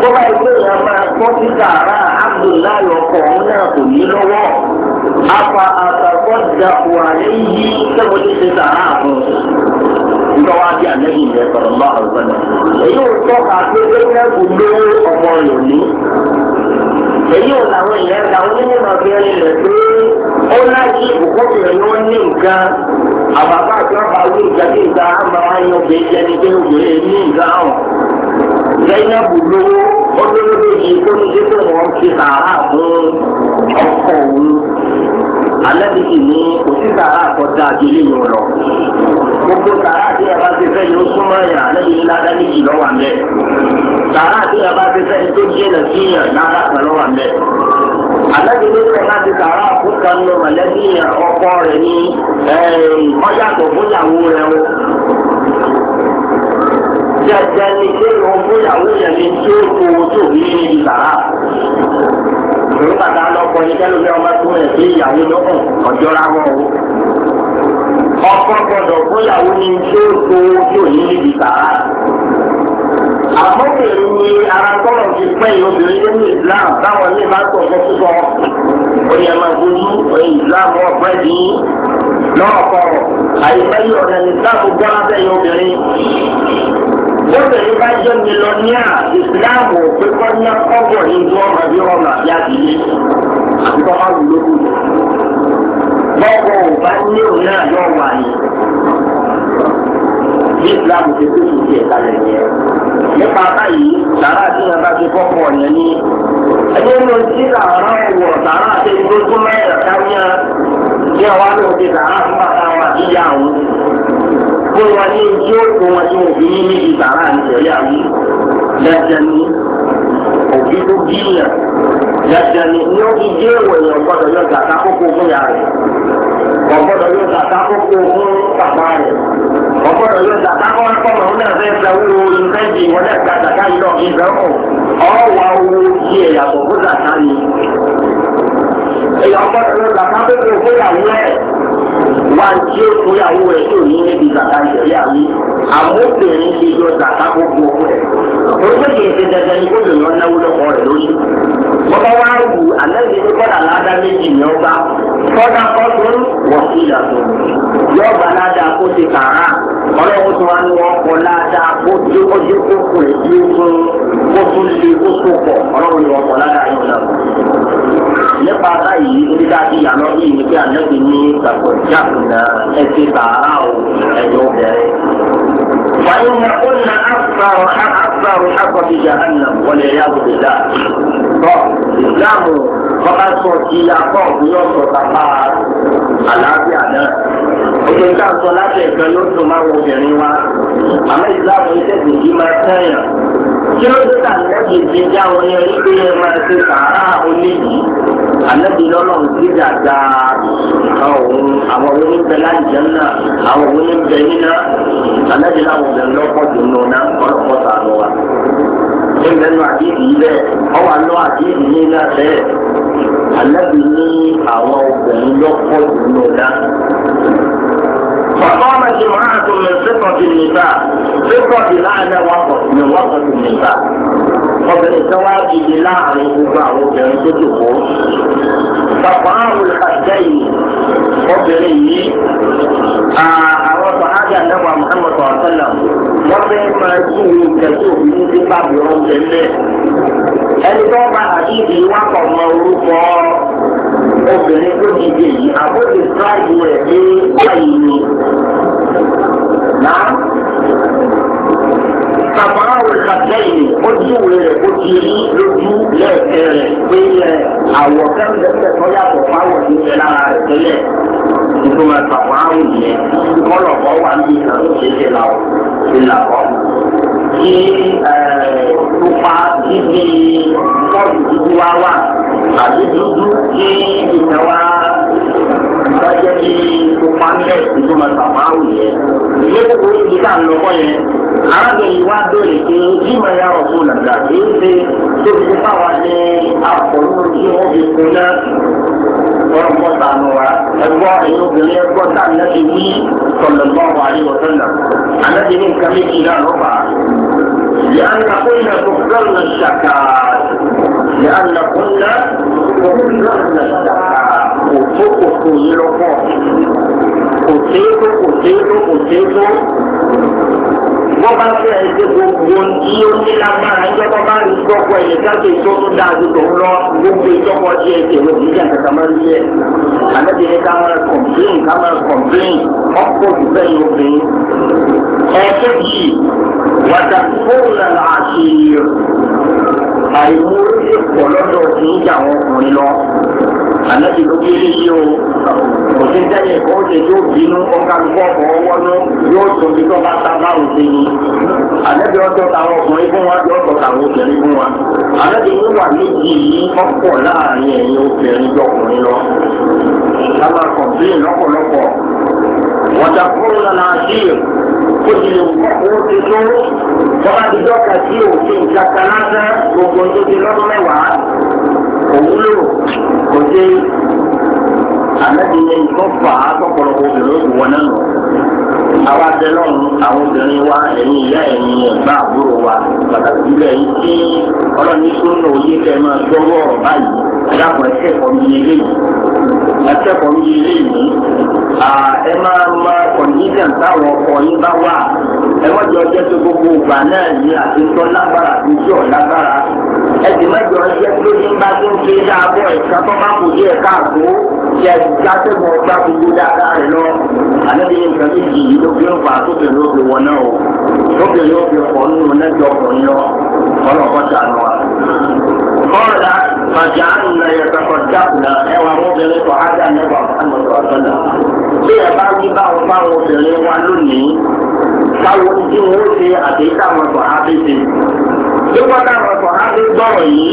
bọ́bá ẹgbẹ́ yẹn máa gbọ́ sí sàrà á sọ̀dáàkù àléyìí sẹ́wọ́ ti ṣe sàrà àfún nígbà wá bí àlẹ́yìn rẹ̀ sọ̀rọ̀ bá ọ̀rọ̀ náà. èyí ò tọ́ka pé kẹ́kẹ́kù lówó ọmọ rẹ̀ ní. èyí ò làwọn èèyàn làwọn onímọ̀ fi ẹni rẹ̀ pé ó láyé ìbùkọ́bìnrin ni wọ́n ní nǹkan àbàbà àti ọba orí ìjà bí ìgbà àmàwá yan obìnrin jẹni pé obìnrin ní nǹkan ọ̀hún. Zainabu lówó ọdún lóde yìí tó ń dé tó ti sàrà fún ọkọ òun alẹ́bí yìí ní òsì sàrà àkọ́dá àjọyé yìí lọ. gbogbo sàrà àti ẹ̀bá ti fẹ́ yóò súnmọ́ yàn alẹ́bí yìí ládá méjì lọ́wọ́ àmẹ́. sàrà àti ẹ̀bá ti fẹ́ tó jẹ́nà sí yàn ládá kan lọ́wọ́ àmẹ́. alẹ́bí yìí fẹ́ láti sàrà àkókò nù mọ̀lẹ́bí yàn ọkọ rẹ̀ ní ọ̀yàtọ̀ fúnyàwó rẹ̀ o. jẹjẹ ni ṣé ìwọ fúnyàwó yẹn ni tó ọkọ yìí kẹlẹ bí ọba tó rẹ ìyàwó lọkàn ọjọra wọn o ọkọ gbọ́dọ̀ fúnyàwó ni tí ó tó tí ò ní níbi ni ara tọ́lọ̀ ti pẹ́ yìí obìnrin nínú Islam táwọn ilé máa tọ̀ fún sísọ oyè máa gbójú oyè Islam ọ̀pẹ́ yìí lọ́ọ̀kọ̀ àyè mẹ́yìn ọ̀rẹ́ ní Islam gbọ́n abẹ́yẹ lọ́sẹ̀ yìí bá jẹ́ mílíọ̀nìyà ìsìláàmù pé kọ́ ní ọgọ̀ ní ju ọmọ bí ọmọ àbí àbíyé àbíkọ́ máa wù lókù. Bọ́ọ̀bù ò bá ní òun náà yọ wà ní. Bí ìsìláàmù ti tó sùn sí ẹ̀ka rẹ̀ yẹn. Nípa báyìí, sàrà tí wọn bá ti kọ́kọ́ yẹn ní. Ẹni ló ń tí sàrà wọ̀ sàrà àti ìgbésùn mẹ́rin káwọn yẹn ní ọwọ́ àti òkè sàrà fún bàtà wọn àti òun gbé wọn ní tí ó kó wọn tí wọn fi ní níbi bàrà nìjẹ́lẹ̀ àwí dandan ni òbí tó bí yàn dandan ni ní ó fi dé ìwòyàn gbọ́dọ̀ yọ gàtà kókó fún yàrá rẹ̀ ọ̀gbọ́dọ̀ yọ gàtà kókó fún bàbá rẹ̀ ọ̀gbọ́dọ̀ yọ gàtà kọ́mọ kọ́mọ ọ̀hún náà fẹ́ẹ́ fẹ́ wúwo ìfẹ́ jì wọ́n náà gba gàtà yìí lọ ìfẹ́ hàn ọ̀wà owó yí ẹ̀yàtọ̀ fún gàtà yìí. èèyàn ọ̀gbọ́dọ̀ wá tí ó fún ìyàwó rẹ̀ tí ò ní níbi zàkà ìṣẹ̀lẹ̀ àwí àmóbìnrin lè yọ zàkà gbogbo ọkọ rẹ̀. ó gbé kìí ṣe dandan ní kóso yọ náwó lọ́kọ rẹ̀ lórí. wọ́n bá wá wù àlẹ́bí ní kọ́dà ládá méjì ní ọba kọ́dà kọ́dún wọ́n sí ìyàtọ̀. yọ̀ọ̀bà ládá kó ti kàrà ọlọ́run tó wá ní wọn kọ ládá kó tí ó dé kókò rẹ̀ tí ó tún lé kó tó pọ̀ ọlọ́run ní wọn ládá yóò náà nípa báyìí ó ní dájú ìyànà yìí ní pé ànábì ní gbàgbọ́ ìjàkùnà ẹtì bàárà o ẹ̀yọ́ bẹ̀rẹ̀. wàyí wọn ó na àfàrò àfàrò àkọ́bí jahanna wọlé ẹ̀yà gbèdé dá. bọ́ ìsìláàmù bọ́lá sọ ti akọ́ òkúyọ̀ sọ bàbá àlàáfíà náà. Oṣù tí a sọ láti ẹ̀gbẹ́ yóò tún máa wo obìnrin wa. Àmọ́ ìsìláàmù iṣẹ́ ìdí máa tẹ̀yàn yóò sàlẹ́bì ti já oní oríṣi yẹn máa ti sàárà oníyìí àlẹ́bì lọ́nà òsínjà gba àwọn àwọn oníbẹ̀ láìjẹ́ náà àwọn oníbẹ̀ níná àlẹ́bì láwọn obìnrin lọ́pọ̀ jù nù náà ọlọ́pọ̀ sàánù wa. Ẹgbẹ́ nu àdìdì yìí bẹ́ẹ̀ ọwọ́ àlọ́ àdìdì yìí náà bẹ́ẹ̀ àlẹ́bì ní àwọn obìnrin lọ́pọ̀ náà. وقامت امرأة من ثقة النساء ثقة لعنة وسط من وسط النساء obìnrin kan wá dìde láàrin gbogbo àwọn obìnrin tó dùnkó. Bàbá àwọn ìkàjẹ́ yìí, obìnrin yìí, àwọn sàhájà lẹ́wà Mùhàmmad Sọ̀tẹ́là, wọ́n fẹ́ máa kí ní ìtẹ̀sí òbí ní bíbá bí wọ́n jẹ lẹ̀. Ẹni tó bá àdìsí wá kọ̀ mọ orúkọ obìnrin tó ti dé yìí àbójú sáàyè rẹ̀ dé báyìí ni. Náà kàbáà rẹ̀ kàtẹ́ yìí ojú rẹ̀ rẹ̀ ó ti rí lójú lẹ́ẹ̀kẹ́ rẹ̀ pé ẹ àwọ̀ kẹ́ńtẹ́ńtẹ́ tó yàtọ̀ fáwọn ti fẹ́ lára rẹ̀ tẹ́lẹ̀. Ìtumọ̀ kàbáà rẹ̀ yẹn kọ́lọ̀ kọ́ wà ní ìlànà ìṣẹ̀ṣẹ̀ làwọn ìlànà tí pupa dídí mọ́ọ̀lù dídí wá wà àti dúdú tí ìtàn wá lọ́jọ́ tí pupa nílẹ̀ tuntun máa tàbá wù yẹ. ilé kókó ibi tá à ń lọ́kọ́ yẹn arábìnrin wa béèrè pé bí mo yà ọ̀pọ̀ nàgbà kì í ṣe tó fi fáwọn ní àpò tí wọ́n fi kun náà. ورمضان عنه الظاهر بلي قطع النبي صلى الله عليه وسلم الذي من كمين إلى ربع لأن كنا تفضلن الشكاة لأن كنا تفضلن الشكاة وفوق كل òtítọ́ òtítọ́ òtítọ́ wọ́n bá fẹ́ ẹgbẹ́ gbogbo ní ó ní lágbára gbọ́kọ̀ ẹ̀yẹ káàkiri tó tún dáa ju tòun lọ gbogbo ìtọ́kọ̀ tiẹ̀ tẹ̀lé kìí jẹ́ nǹkan máa ń yẹ. Àlẹ́bí ni ká máa kọ̀m̀pléìn ká máa kọ̀m̀pléìn ọ̀pọ̀ ìfẹ́ yìí obìnrin. Ẹ̀ẹ́dẹ́gì fóònù àṣìyẹ àìmúrí pọ̀ lọ́dọ̀ wọn ọkùnrin lọ àlẹ́bí ló gbé yíyí o kò sẹ́yìn kó o ṣe tó bínú ọkàlùkọ́ ọkọ̀ ọwọ́nú yóò tún bí tó ta báwo ṣe ni àlẹ́bí ọjọ́ táwọn ọkùnrin fún wa yóò tọ̀ táwọn obìnrin fún wa àlẹ́bí wíwà méjì yìí ọ̀pọ̀ láàrin ẹ̀yin obìnrin jọkùnrin lọ ká máa kọ̀m̀pléè lọ́pọ̀lọpọ̀ wọ́dà kúrò lọ́nà àṣírí ó ti lè ti tó wọ́n ti dọ́ka sí òfin ìjàkálásá gbogbo tó lọ́dún mẹ́wàá òwúlò kò dé àmẹ́bíyẹ ìkọ́fà àtọ́pọ̀lọpọ̀ obìnrin òkú wọn náà lọ. àwa bẹ lọ́run àwọn obìnrin wa ẹ̀yin ìyá ẹ̀yin ẹ̀gbá àbúrò wa pàtàkì jùlọ ẹ̀yin tí ọlọ́ni tó ń lò yé kẹ́ máa gbọ́wọ́ ọ̀rọ̀ báyìí dáàbò ẹ̀kẹ́kọ̀ọ́ mi yé léyìí akẹ́kọ̀ọ́ yìí yìí ẹ máa ma kọ̀ǹdíṣàn táwọn ọkọ̀ yín bá wà ẹ wọ́n jọ jẹ́ tó gbogbo ìgbà náà ní àtúntò lágbára àtúntò lágbára ẹ sì má jọ jẹ́ tó ní bá tó ń ṣe dáàbọ̀ ẹ̀ka tó bá kò dé ẹ̀ka àgbo kí ẹ gbàtẹ́mọ̀ ọgbà gbogbo dáadáa rẹ lọ àlẹ́ yẹn nǹkan tó jì yìí ló fi ń fà tóbìnrin ó fi wọ náà o tóbìnrin ó fi ọkọ̀ nínú náà jọ ọkùnrin lọ ọlọ́kọ̀ fàjàánà yẹtọkọjáfùnà ẹwà ọmọbìnrin kọ ájà mẹwà ọmọdọọdọdà tí ẹ bá wí báwọn báwọn obìnrin wa lónìí káwọn tí wọn ó ṣe àdéhùn àwọn ọkọ ábẹ́sẹ̀. nípa táwọn ọkọ ábẹ́ gbọ́rọ̀ yìí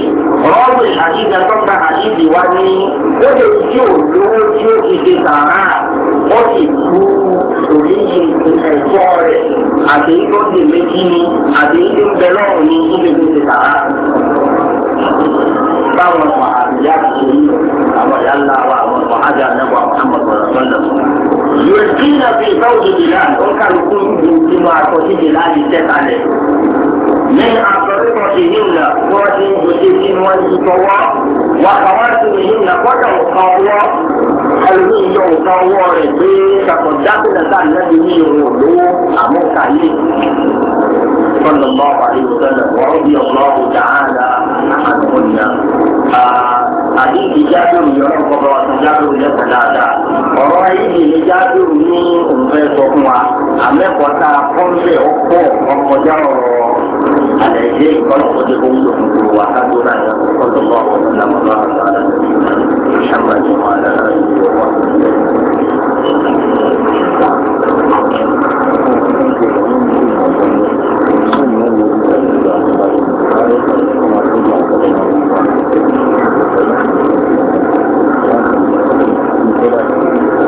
rọ́ọ̀bù àdìgbà tọ́ka àdìgbì wa ní ó lè tí ò lówó tí ó ti ṣe sàárà ó sì kú òní yìí ẹ̀fọ́ báwọn ọmọ àbíyá ṣe yí àwọn ìyá ńlá wa àwọn ọmọ ajá nẹ́wà Muhammad sọ̀rọ̀ yóò dín náà fi ìfẹ́wòye ìlà ó ń kálukú ní ìmọ̀ àkọsílẹ̀ láti tẹ́ta lẹ̀. ní àkọsílẹ̀ ìhìnà wọ́n ti ń gbèsè sí wọn ti tọwọ́ wà àwọn ti ìhìnà kọ́jà nǹkan ọwọ́ ẹlòmíì yọ nǹkan ọwọ́ rẹ̀ pé kàkọ́ jáde صلى الله عليه وسلم ورضي الله تعالى عنهن àdìsí jábìrì yọrọ kọkọ àti jábìrì lẹsẹ dáadáa ọ̀rọ̀ ayébi ni jábìrì ní òǹfẹ sọ fún wa àmẹkọta kọńbẹ ọ̀pọ̀ ọkọjá ọ̀rọ̀ àlẹyé ìkọlọkọjẹ oúnjẹ òǹkùrù wa kájọ náà yẹ kọjọ bọ ọkọjọ náà mọ náà lọ àlẹ ìṣàmà ní wọn àlẹ náà yẹ wọn. Thank you. Thank you.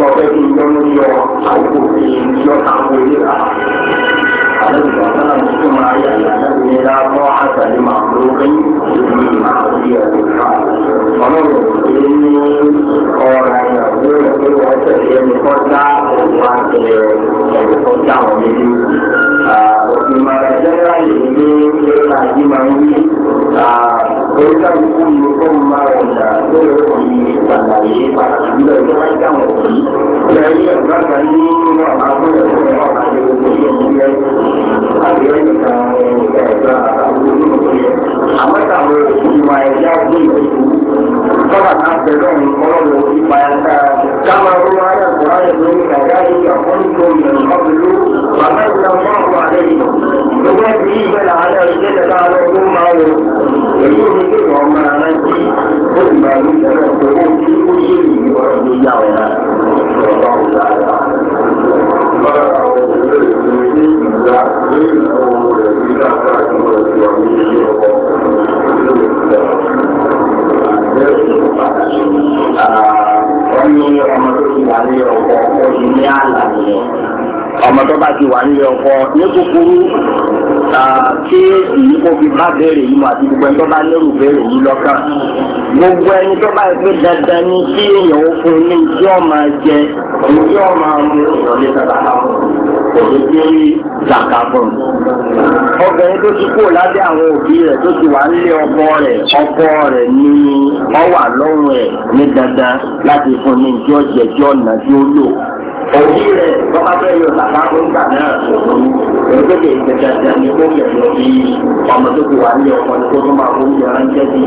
ọmọ ọ̀fẹ́ tó yọ ní yọ àwòkò ìlú yọ àwọn ìlera. Àlejò àti àwọn tó máa yà yàrá ní lábọ́ àtàlẹ́ máa ló kẹ́yìn ní àwọn ìyàwó ká. Ọlọ́run ti ní ọ̀rọ̀ àyàwó rẹ̀ pé wọ́n tẹ̀lé ẹni kọ́ òun àti ẹ̀rọ kọ́ wọn nílé. Ìmọ̀ràn jẹ́rà yìí ní ilé ayé ń wí. Oríṣiríṣi ìlú tó ṣàlàyé ìlọ ìjọba ìjà wọn kò ní. Ilẹ̀ ilé ẹ̀ka kan ní nínú àkọọ́lẹ̀ fún ẹ̀rọ àti gbogbo ilé ìgbé àti ẹ̀yìn kan ẹ̀ka àtàkùn nínú ìgbé. Àwọn ìtàwọn ìmọ̀ ẹ̀yà gbé ìgbé. Bọ́lá náà bẹ̀rẹ̀ òun ọlọ́wọ́ ìpa ẹ̀ka dábàá ló wá yàtọ̀ láyé lórí ẹ̀yà yìí àkọ́nìkò ìrìnàmọ́bìlú bàbá ìlànà ọ̀rọ̀ àlẹ́ yìí. Gbogbo ẹ̀sìn yìí bẹ̀rẹ̀ àlẹ́ ìjẹ́jẹ̀ká lọ́gbọ́n máa wọ. Èyí ò ní kí ìwọ̀n máa rántí ó sì máa ní ìjọba ẹ̀kọ́ owó tí ó yé ìlú ọ̀rọ̀ ló yá ọ̀la ọ̀la ọ̀la ọ̀la. Lọ́la àwọn òṣèré ìlú ní ìlà ní ìlà owó rẹ̀ ní láta ìlú ẹ̀kọ́ ní ilé ọkọ̀ ìlú ìlú wọ́n ní ọmọ ti wà nílé ọkọ̀ ọ̀pọ̀ ní àlàyé ọmọ bá ti wà nílé ọkọ̀ ní kúkúrú ṣé èyí kò fi bá béèrè yìí mọ àti gbogbo ẹni tó bá lérò béèrè yìí lọ́kàn gbogbo ẹni tó bá gbé dandan ní kí èèyàn ó fún ní ìdí ọmọ jẹ ìdí ọmọ mu ìrọ̀lẹ́ sábà kò ní kí zàkà bọ̀. obìnrin tó ti kú lábẹ́ àwọn òbí rẹ̀ tó ti wà nílé ọkọ rẹ̀ ọkọ rẹ̀ ní ọwà lọ́rùn ẹ̀ ní dandan láti fún ní ìdí ọ̀jẹ̀ tí ọ̀nà tí ó lò òbí rẹ̀ bọ́lá fẹ́ yọ zàkà bọ̀ nígbà náà èyí tó ní ní kó tiẹ̀ lọ sí ọmọ tó ti wà ní ọkọ ní kó tó máa kó oúnjẹ ránṣẹ́ sí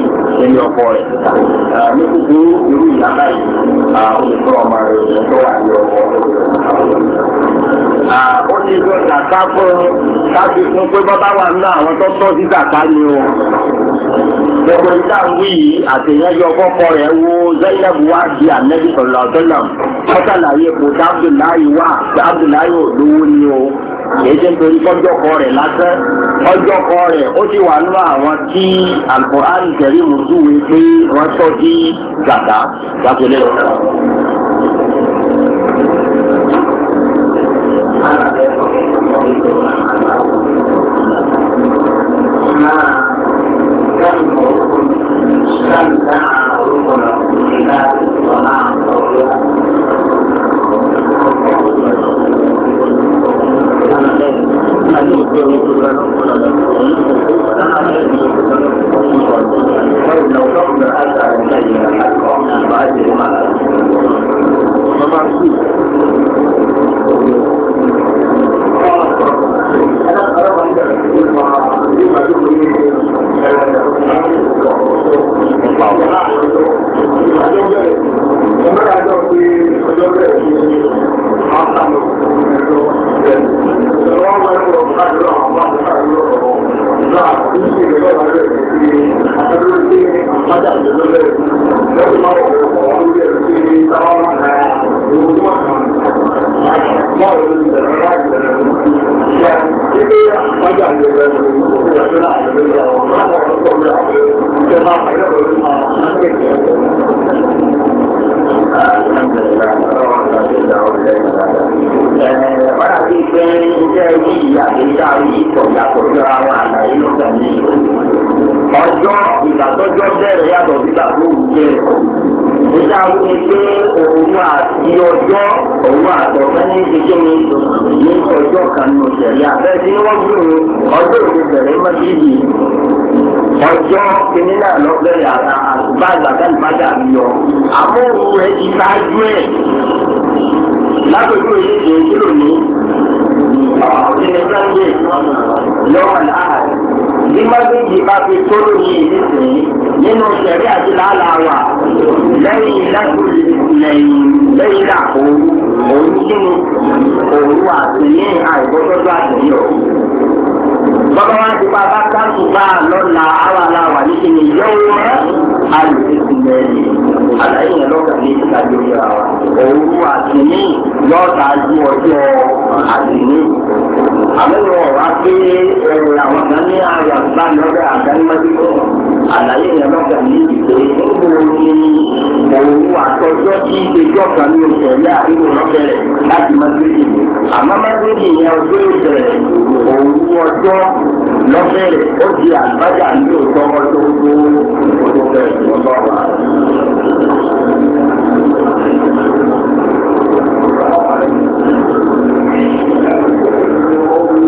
ẹni ọkọ rẹ̀. ní kúkú irú ìyá báyìí olùkọ́ ọmọ rẹ̀ tó wà ní ọkọ ó ti sọ kàkà fún káfí fún pé bọ́bá wà ní àwọn tó tọ́ sí kàkà ni o. gbogbo ìta ń wí yìí àtẹ̀yẹ́jọ́ kọ́kọ́ wo Zainab wá di ànẹ́bí sọ̀rọ̀ ọ̀tọ́nà. wọ́n ṣàlàyé kò tá Abdullahi wà Abdullahi ò lówó ni o kìí ṣe nítorí kọjọkọ rẹ̀ lásán kọjọkọ rẹ̀ ó ti wà nínú àwọn tí Al-Qur'an tẹ̀lé mùsùlùmí pé wọ́n tọ́ sí gàdá gbàgbélé rẹ̀. Thank you. ìgbà tọ́jọ́ bẹ̀rẹ̀ yàtọ̀ sígbà tó wù bẹ̀rẹ̀. Nígbà wo ni pé òun àti ọjọ́ òun àtọ̀fẹ́ ní ṣíṣe ní ọjọ́ kan nù sẹ̀lẹ̀ abẹ́ tí wọ́n gbòòrò ọjọ́ òun bẹ̀rẹ̀ mọ́tíìdì. Ọjọ́ kìíní náà lọ bẹ̀rẹ̀ àgbà àgbàdàn ìbàdà mi yọ. Àmóhùn rẹ̀ ti ṣáájú ẹ̀. Lágbègbè yìí kìí kí lónìí. ní Sunday lọ́wọ́ láàárín bí mọ́síjì bá fi tó lórí ìdísìn nínú ìṣẹ̀rí àti làálàá lẹ́yìn lẹ́yìn lẹ́yìn làkó òun sínú òru àtìlẹ́ àìgbọ́sọ́sọ́ àtìlẹ́ o. bọ́lá wa ti bàbá káàtó bá a lọ́la àwa làwà ní kíni yọ̀wọ́ àlùfẹ́sìn lẹ́yìn àlàyé yẹn lọ́kàn ní ìgbà tó yẹra wa. Òru àtìní lọ́ta ju ọjọ́ àtìní. Àmúlò ọ̀rá pé ẹ̀rù àwọn kan ní àyà bá lọ́dọ̀ àdánimọ́dé kọ́. lọ́kàn ní ìgbé ńgbòrò ní òru àtọ́jọ́ tí ìgbẹ́jọ́ kan ní oṣù ẹ̀yà àdúgbò lọ́kẹ̀rẹ̀ láti mọ́tírì. Àmọ́ mọ́tírì yẹn ọjọ́ ìbẹ̀rẹ̀ òru ọjọ́ lọ́fẹ̀rẹ̀ ó di àgbájá ní òótọ́ ọjọ́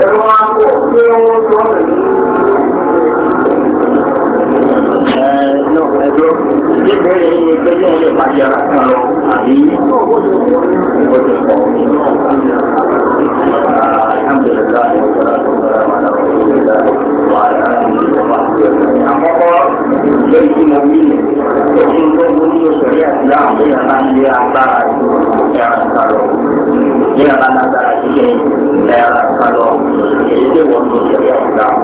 ẹ̀rọ máa ń kó pé wọ́n tó ọ̀nà ní. Ẹ̀dọ́ níbẹ̀rẹ̀ yìí ẹgbẹ́ yóò lè pàdé ara kan lọ àbí ọ̀gbọ́dọ̀ ọ̀gbọ́dọ̀ ọ̀gbọ́dọ̀ الحمد لله والصلاة والسلام على رسول الله وعلى آله وصحبه أجمعين أما قال ليس مؤمنا لكن تؤمن شريعة الله إلى من لا أعطاها إلى أعطاها إلى من أعطاها إلى أعطاها إلى شريعة الله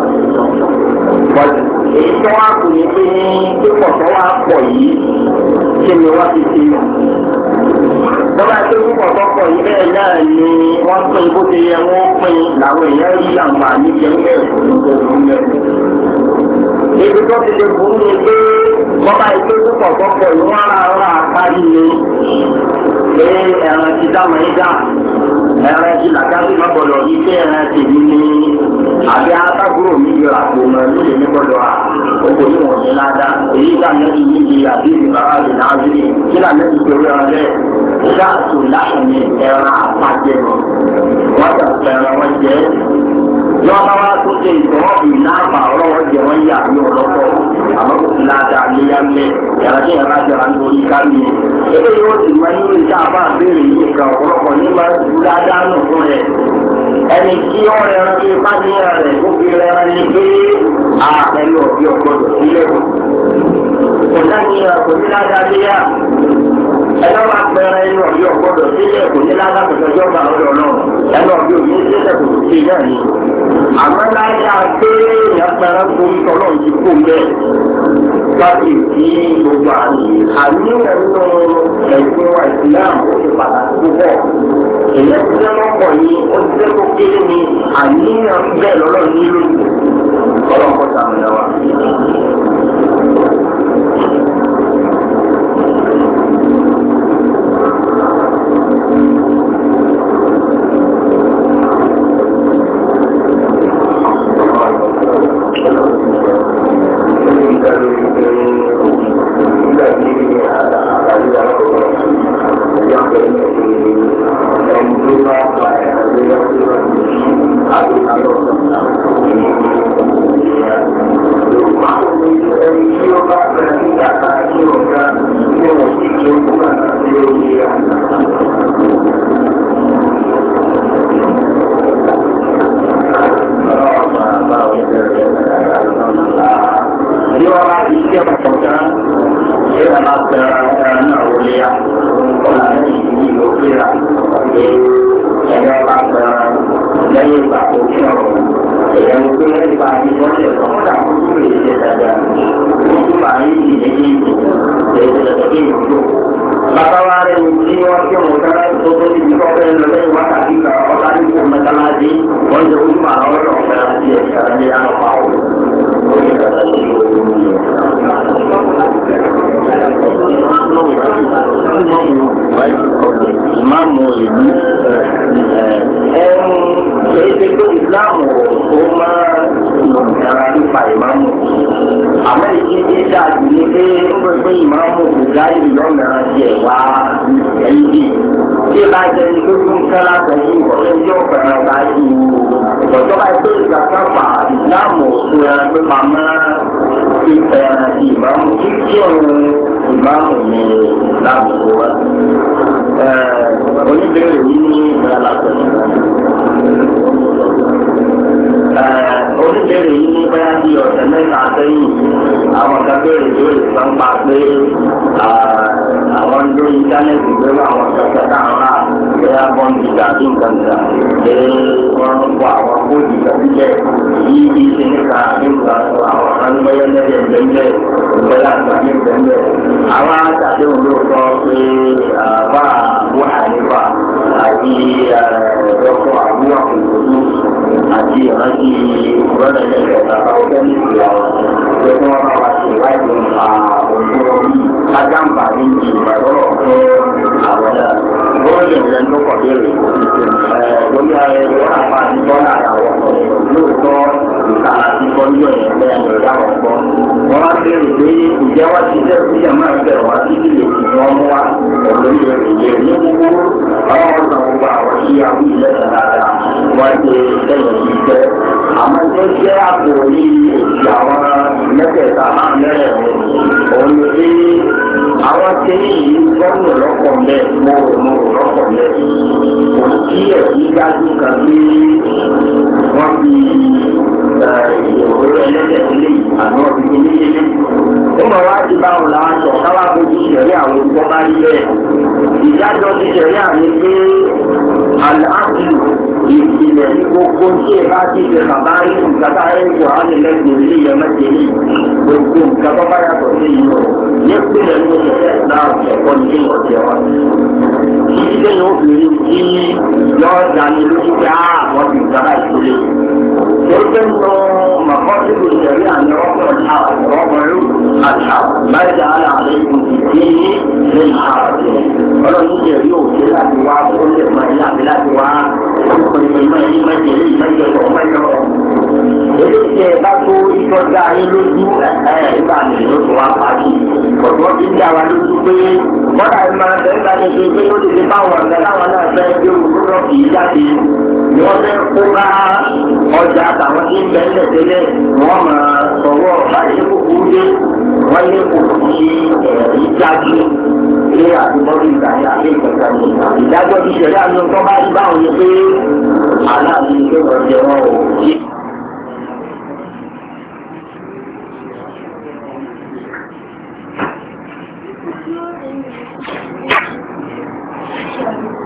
èyí tó wá kù ní pé kíkọ̀ tó wá pọ̀ yìí kí ni wọ́n ti fi lọ́ba tó ń pọ̀ tọ́pọ̀ yìí bẹ́ẹ̀ náà ni wọ́n pín bó ti yẹ wọ́n pín làwọn èèyàn yí àǹfààní jẹ ń bẹ̀rù lójoojúmọ́ mẹ́rin. tó ti lè bù ní pé lọ́ba ìpín púpọ̀ tọ́pọ̀ yìí wọ́n ara ara àkárí ni pé ẹ̀ràn ti dá mọ́ ẹran ti làkàtì má gbọdọ̀ yí pé ẹran ti yí ní àbí atákùrò mi yọ àpò mọ̀ ní lè ní gbọdọ̀ à oko yìí wọ̀n ní ládàá èyí lànà ti yí di àbí ìbára rẹ̀ náà rí kí lànà ti torí ọ̀rọ̀ rẹ̀ ṣáàtù láàrin ẹran àpàjẹ́ wọn kà fẹ́ràn wọn jẹ́ lọ́wọ́ tó ṣe ìtọ́wọ́bì náàbà ọlọ́wọ́ jẹ wọ́n yà ní ọlọ́pọ̀ àmọ́ kò sí láta àléyá mẹ́ yàrá tí yàrá jọra ní orí kámi. ebe yóò sì máa ń lórí tá a bá béèrè yìí kan ọ̀pọ̀lọpọ̀ ní máa ń dúró dáadáa nù fún rẹ̀. ẹni tí ó rẹ̀ ń fi fáníyà rẹ̀ ó fi rẹ̀ ń ní pé a ẹnu ọ̀bí ọgbọ́dọ̀ sílẹ̀. kò ní láta àléyá ẹ̀rọ bá pẹ̀rẹ̀ ẹnu àmọ́ láyà pé ìyàgbára tó ń tọ́lọ̀ yìí kò bẹ́ẹ̀ láti fi gbogbo àmì àmì ẹ̀rọ ẹ̀sìn wa ìsìláàmù ó ti pàtàkì púpọ̀ èyí ti jẹ́ lọ́pọ̀ ni ó tó kéré ni àníyàn bẹ́ẹ̀ lọ́lọ́ nílò ọlọ́pọ̀ sàmìlẹ̀ ní àwọn àwọn òṣìṣẹ́ ìmáàmù ìlú ẹ̀rù èyí tó òṣùwọ̀n pípa mọ́ ìfẹ́ ìmáàmù kí ọ̀run márùn-ún ní láàbùkù wa. oníbèrè yìí ní ìlànà àtẹ̀yìnbá oníbèrè yìí ní bẹ́ẹ̀ bí ọ̀sẹ̀ mẹ́ta sẹ́yìn àwọn kan béèrè tó lè sọ pa pé àwọn ń lórí íńtánẹ́ẹ̀tì pẹ̀lú àwọn kẹ̀kẹ́ náà rà bẹ́ẹ̀ bọ́ǹdì tàbí nǹkan kan pé wọ́n ń kó àwọn bóòdì tàbí jẹ́ yìí bí ṣe nípa nípa àwọn anúmọ̀yẹ́ lẹ́yẹ̀ lẹ́yẹ̀ ìgbẹ́lá àgbàdì lẹ́yẹ̀. àwọn àtàdéhùn ló sọ pé àbá àbúhà nípa àti ìrántí ìrọ́lẹ̀ ilé ìjọba ọ̀gbẹ́ ní ìlà pé kí wọ́n bá wa ṣe ìwádìí nípa òṣèlú yìí lágbàmbá ní ìgbàgbọ́ pé àwọn bọ́ọ̀lù ìrẹ́ tó kọ̀ béèrè lórí ààrẹ tó àpá àtijọ́ náà àwọn lóòótọ́ ìta àtijọ́ yóò yẹ wọ́n á bẹ̀rù pé ìjẹ́ wá sí jẹ́ kí àmọ́ ẹgbẹ́ wá sí ilé ìwọ̀n mú wa ọ̀dọ́ ilé ìyẹ̀ ní gbogbo àwọn ọ̀sán gbogbo àwọn sí àwọn ilé dáadáa wọ́n ti sẹ́yìn sí jẹ́ àmọ́ tó jẹ́ àpò yìí àwọn mẹ́tẹ̀ẹ̀ta máa mẹ́rẹ̀ẹ̀rin òun ni àwọn tẹ́lẹ̀ yìí lọ́nà lọ́kọ̀ mẹ́ mọ̀rọ̀mọ̀rọ̀ lọ́kọ̀ mẹ́ kò sí ẹ̀sìn dájú kan pé wọ́n fi ìròyìn ẹlẹ́dẹ̀ sílẹ̀ àná ọ̀sìn ilé ó mọ̀ wá sí báwọn làwọn sọ káwá bójú ìṣẹ̀rí àwọn olùkọ́ bá rí bẹ́ẹ̀. ìdájọ́ ti ṣẹ̀rí àmì pé àlàáfíì ìpìlẹ̀ ní gbogbo tí ẹ bá ti ṣe bàbá rí nǹkan tá wà lẹ́gbẹ̀ẹ́ ilé yẹn mẹ́tẹ̀ẹ́lì gbogbo nǹkan tó bá yàtọ̀ sí yìí lọ. ní ìpìlẹ̀ ní náà ẹ̀kọ́ ní ọ̀jẹ̀ wa. Yìí lè yóò fi rí sí yọ̀ọ́ dání lójú pé àwọn ti gbára ìṣòro. Ṣé ó fẹ́ lọ مقاصد الشريعة أن رفع الحق رفع الحق ما جعل عليكم في الدين من حرج ولو نجي يوم كلا دعاء كل ما إلا بلا دعاء كل ما يجي ما يجي ما يجي ما يجي èyí ṣe bá tó ìtọ́jú ayé lójú ẹ̀ ìgbà mi ọjà àtàwọn tí ń bẹ̀rẹ̀ tẹ́lẹ̀ bẹ́ẹ̀ wọ́n máa sọ̀wọ́ báyìí kò kú dé kò sí ẹ̀rí dájú pé àtibọ́dún ìgbà ní ìgbàgbà ní ìdájọ́ ti ṣẹlẹ̀ àmì ọkọ̀ bá ti báwọn ni pé aláàbí ló lọ wọn ò sí. Thank you.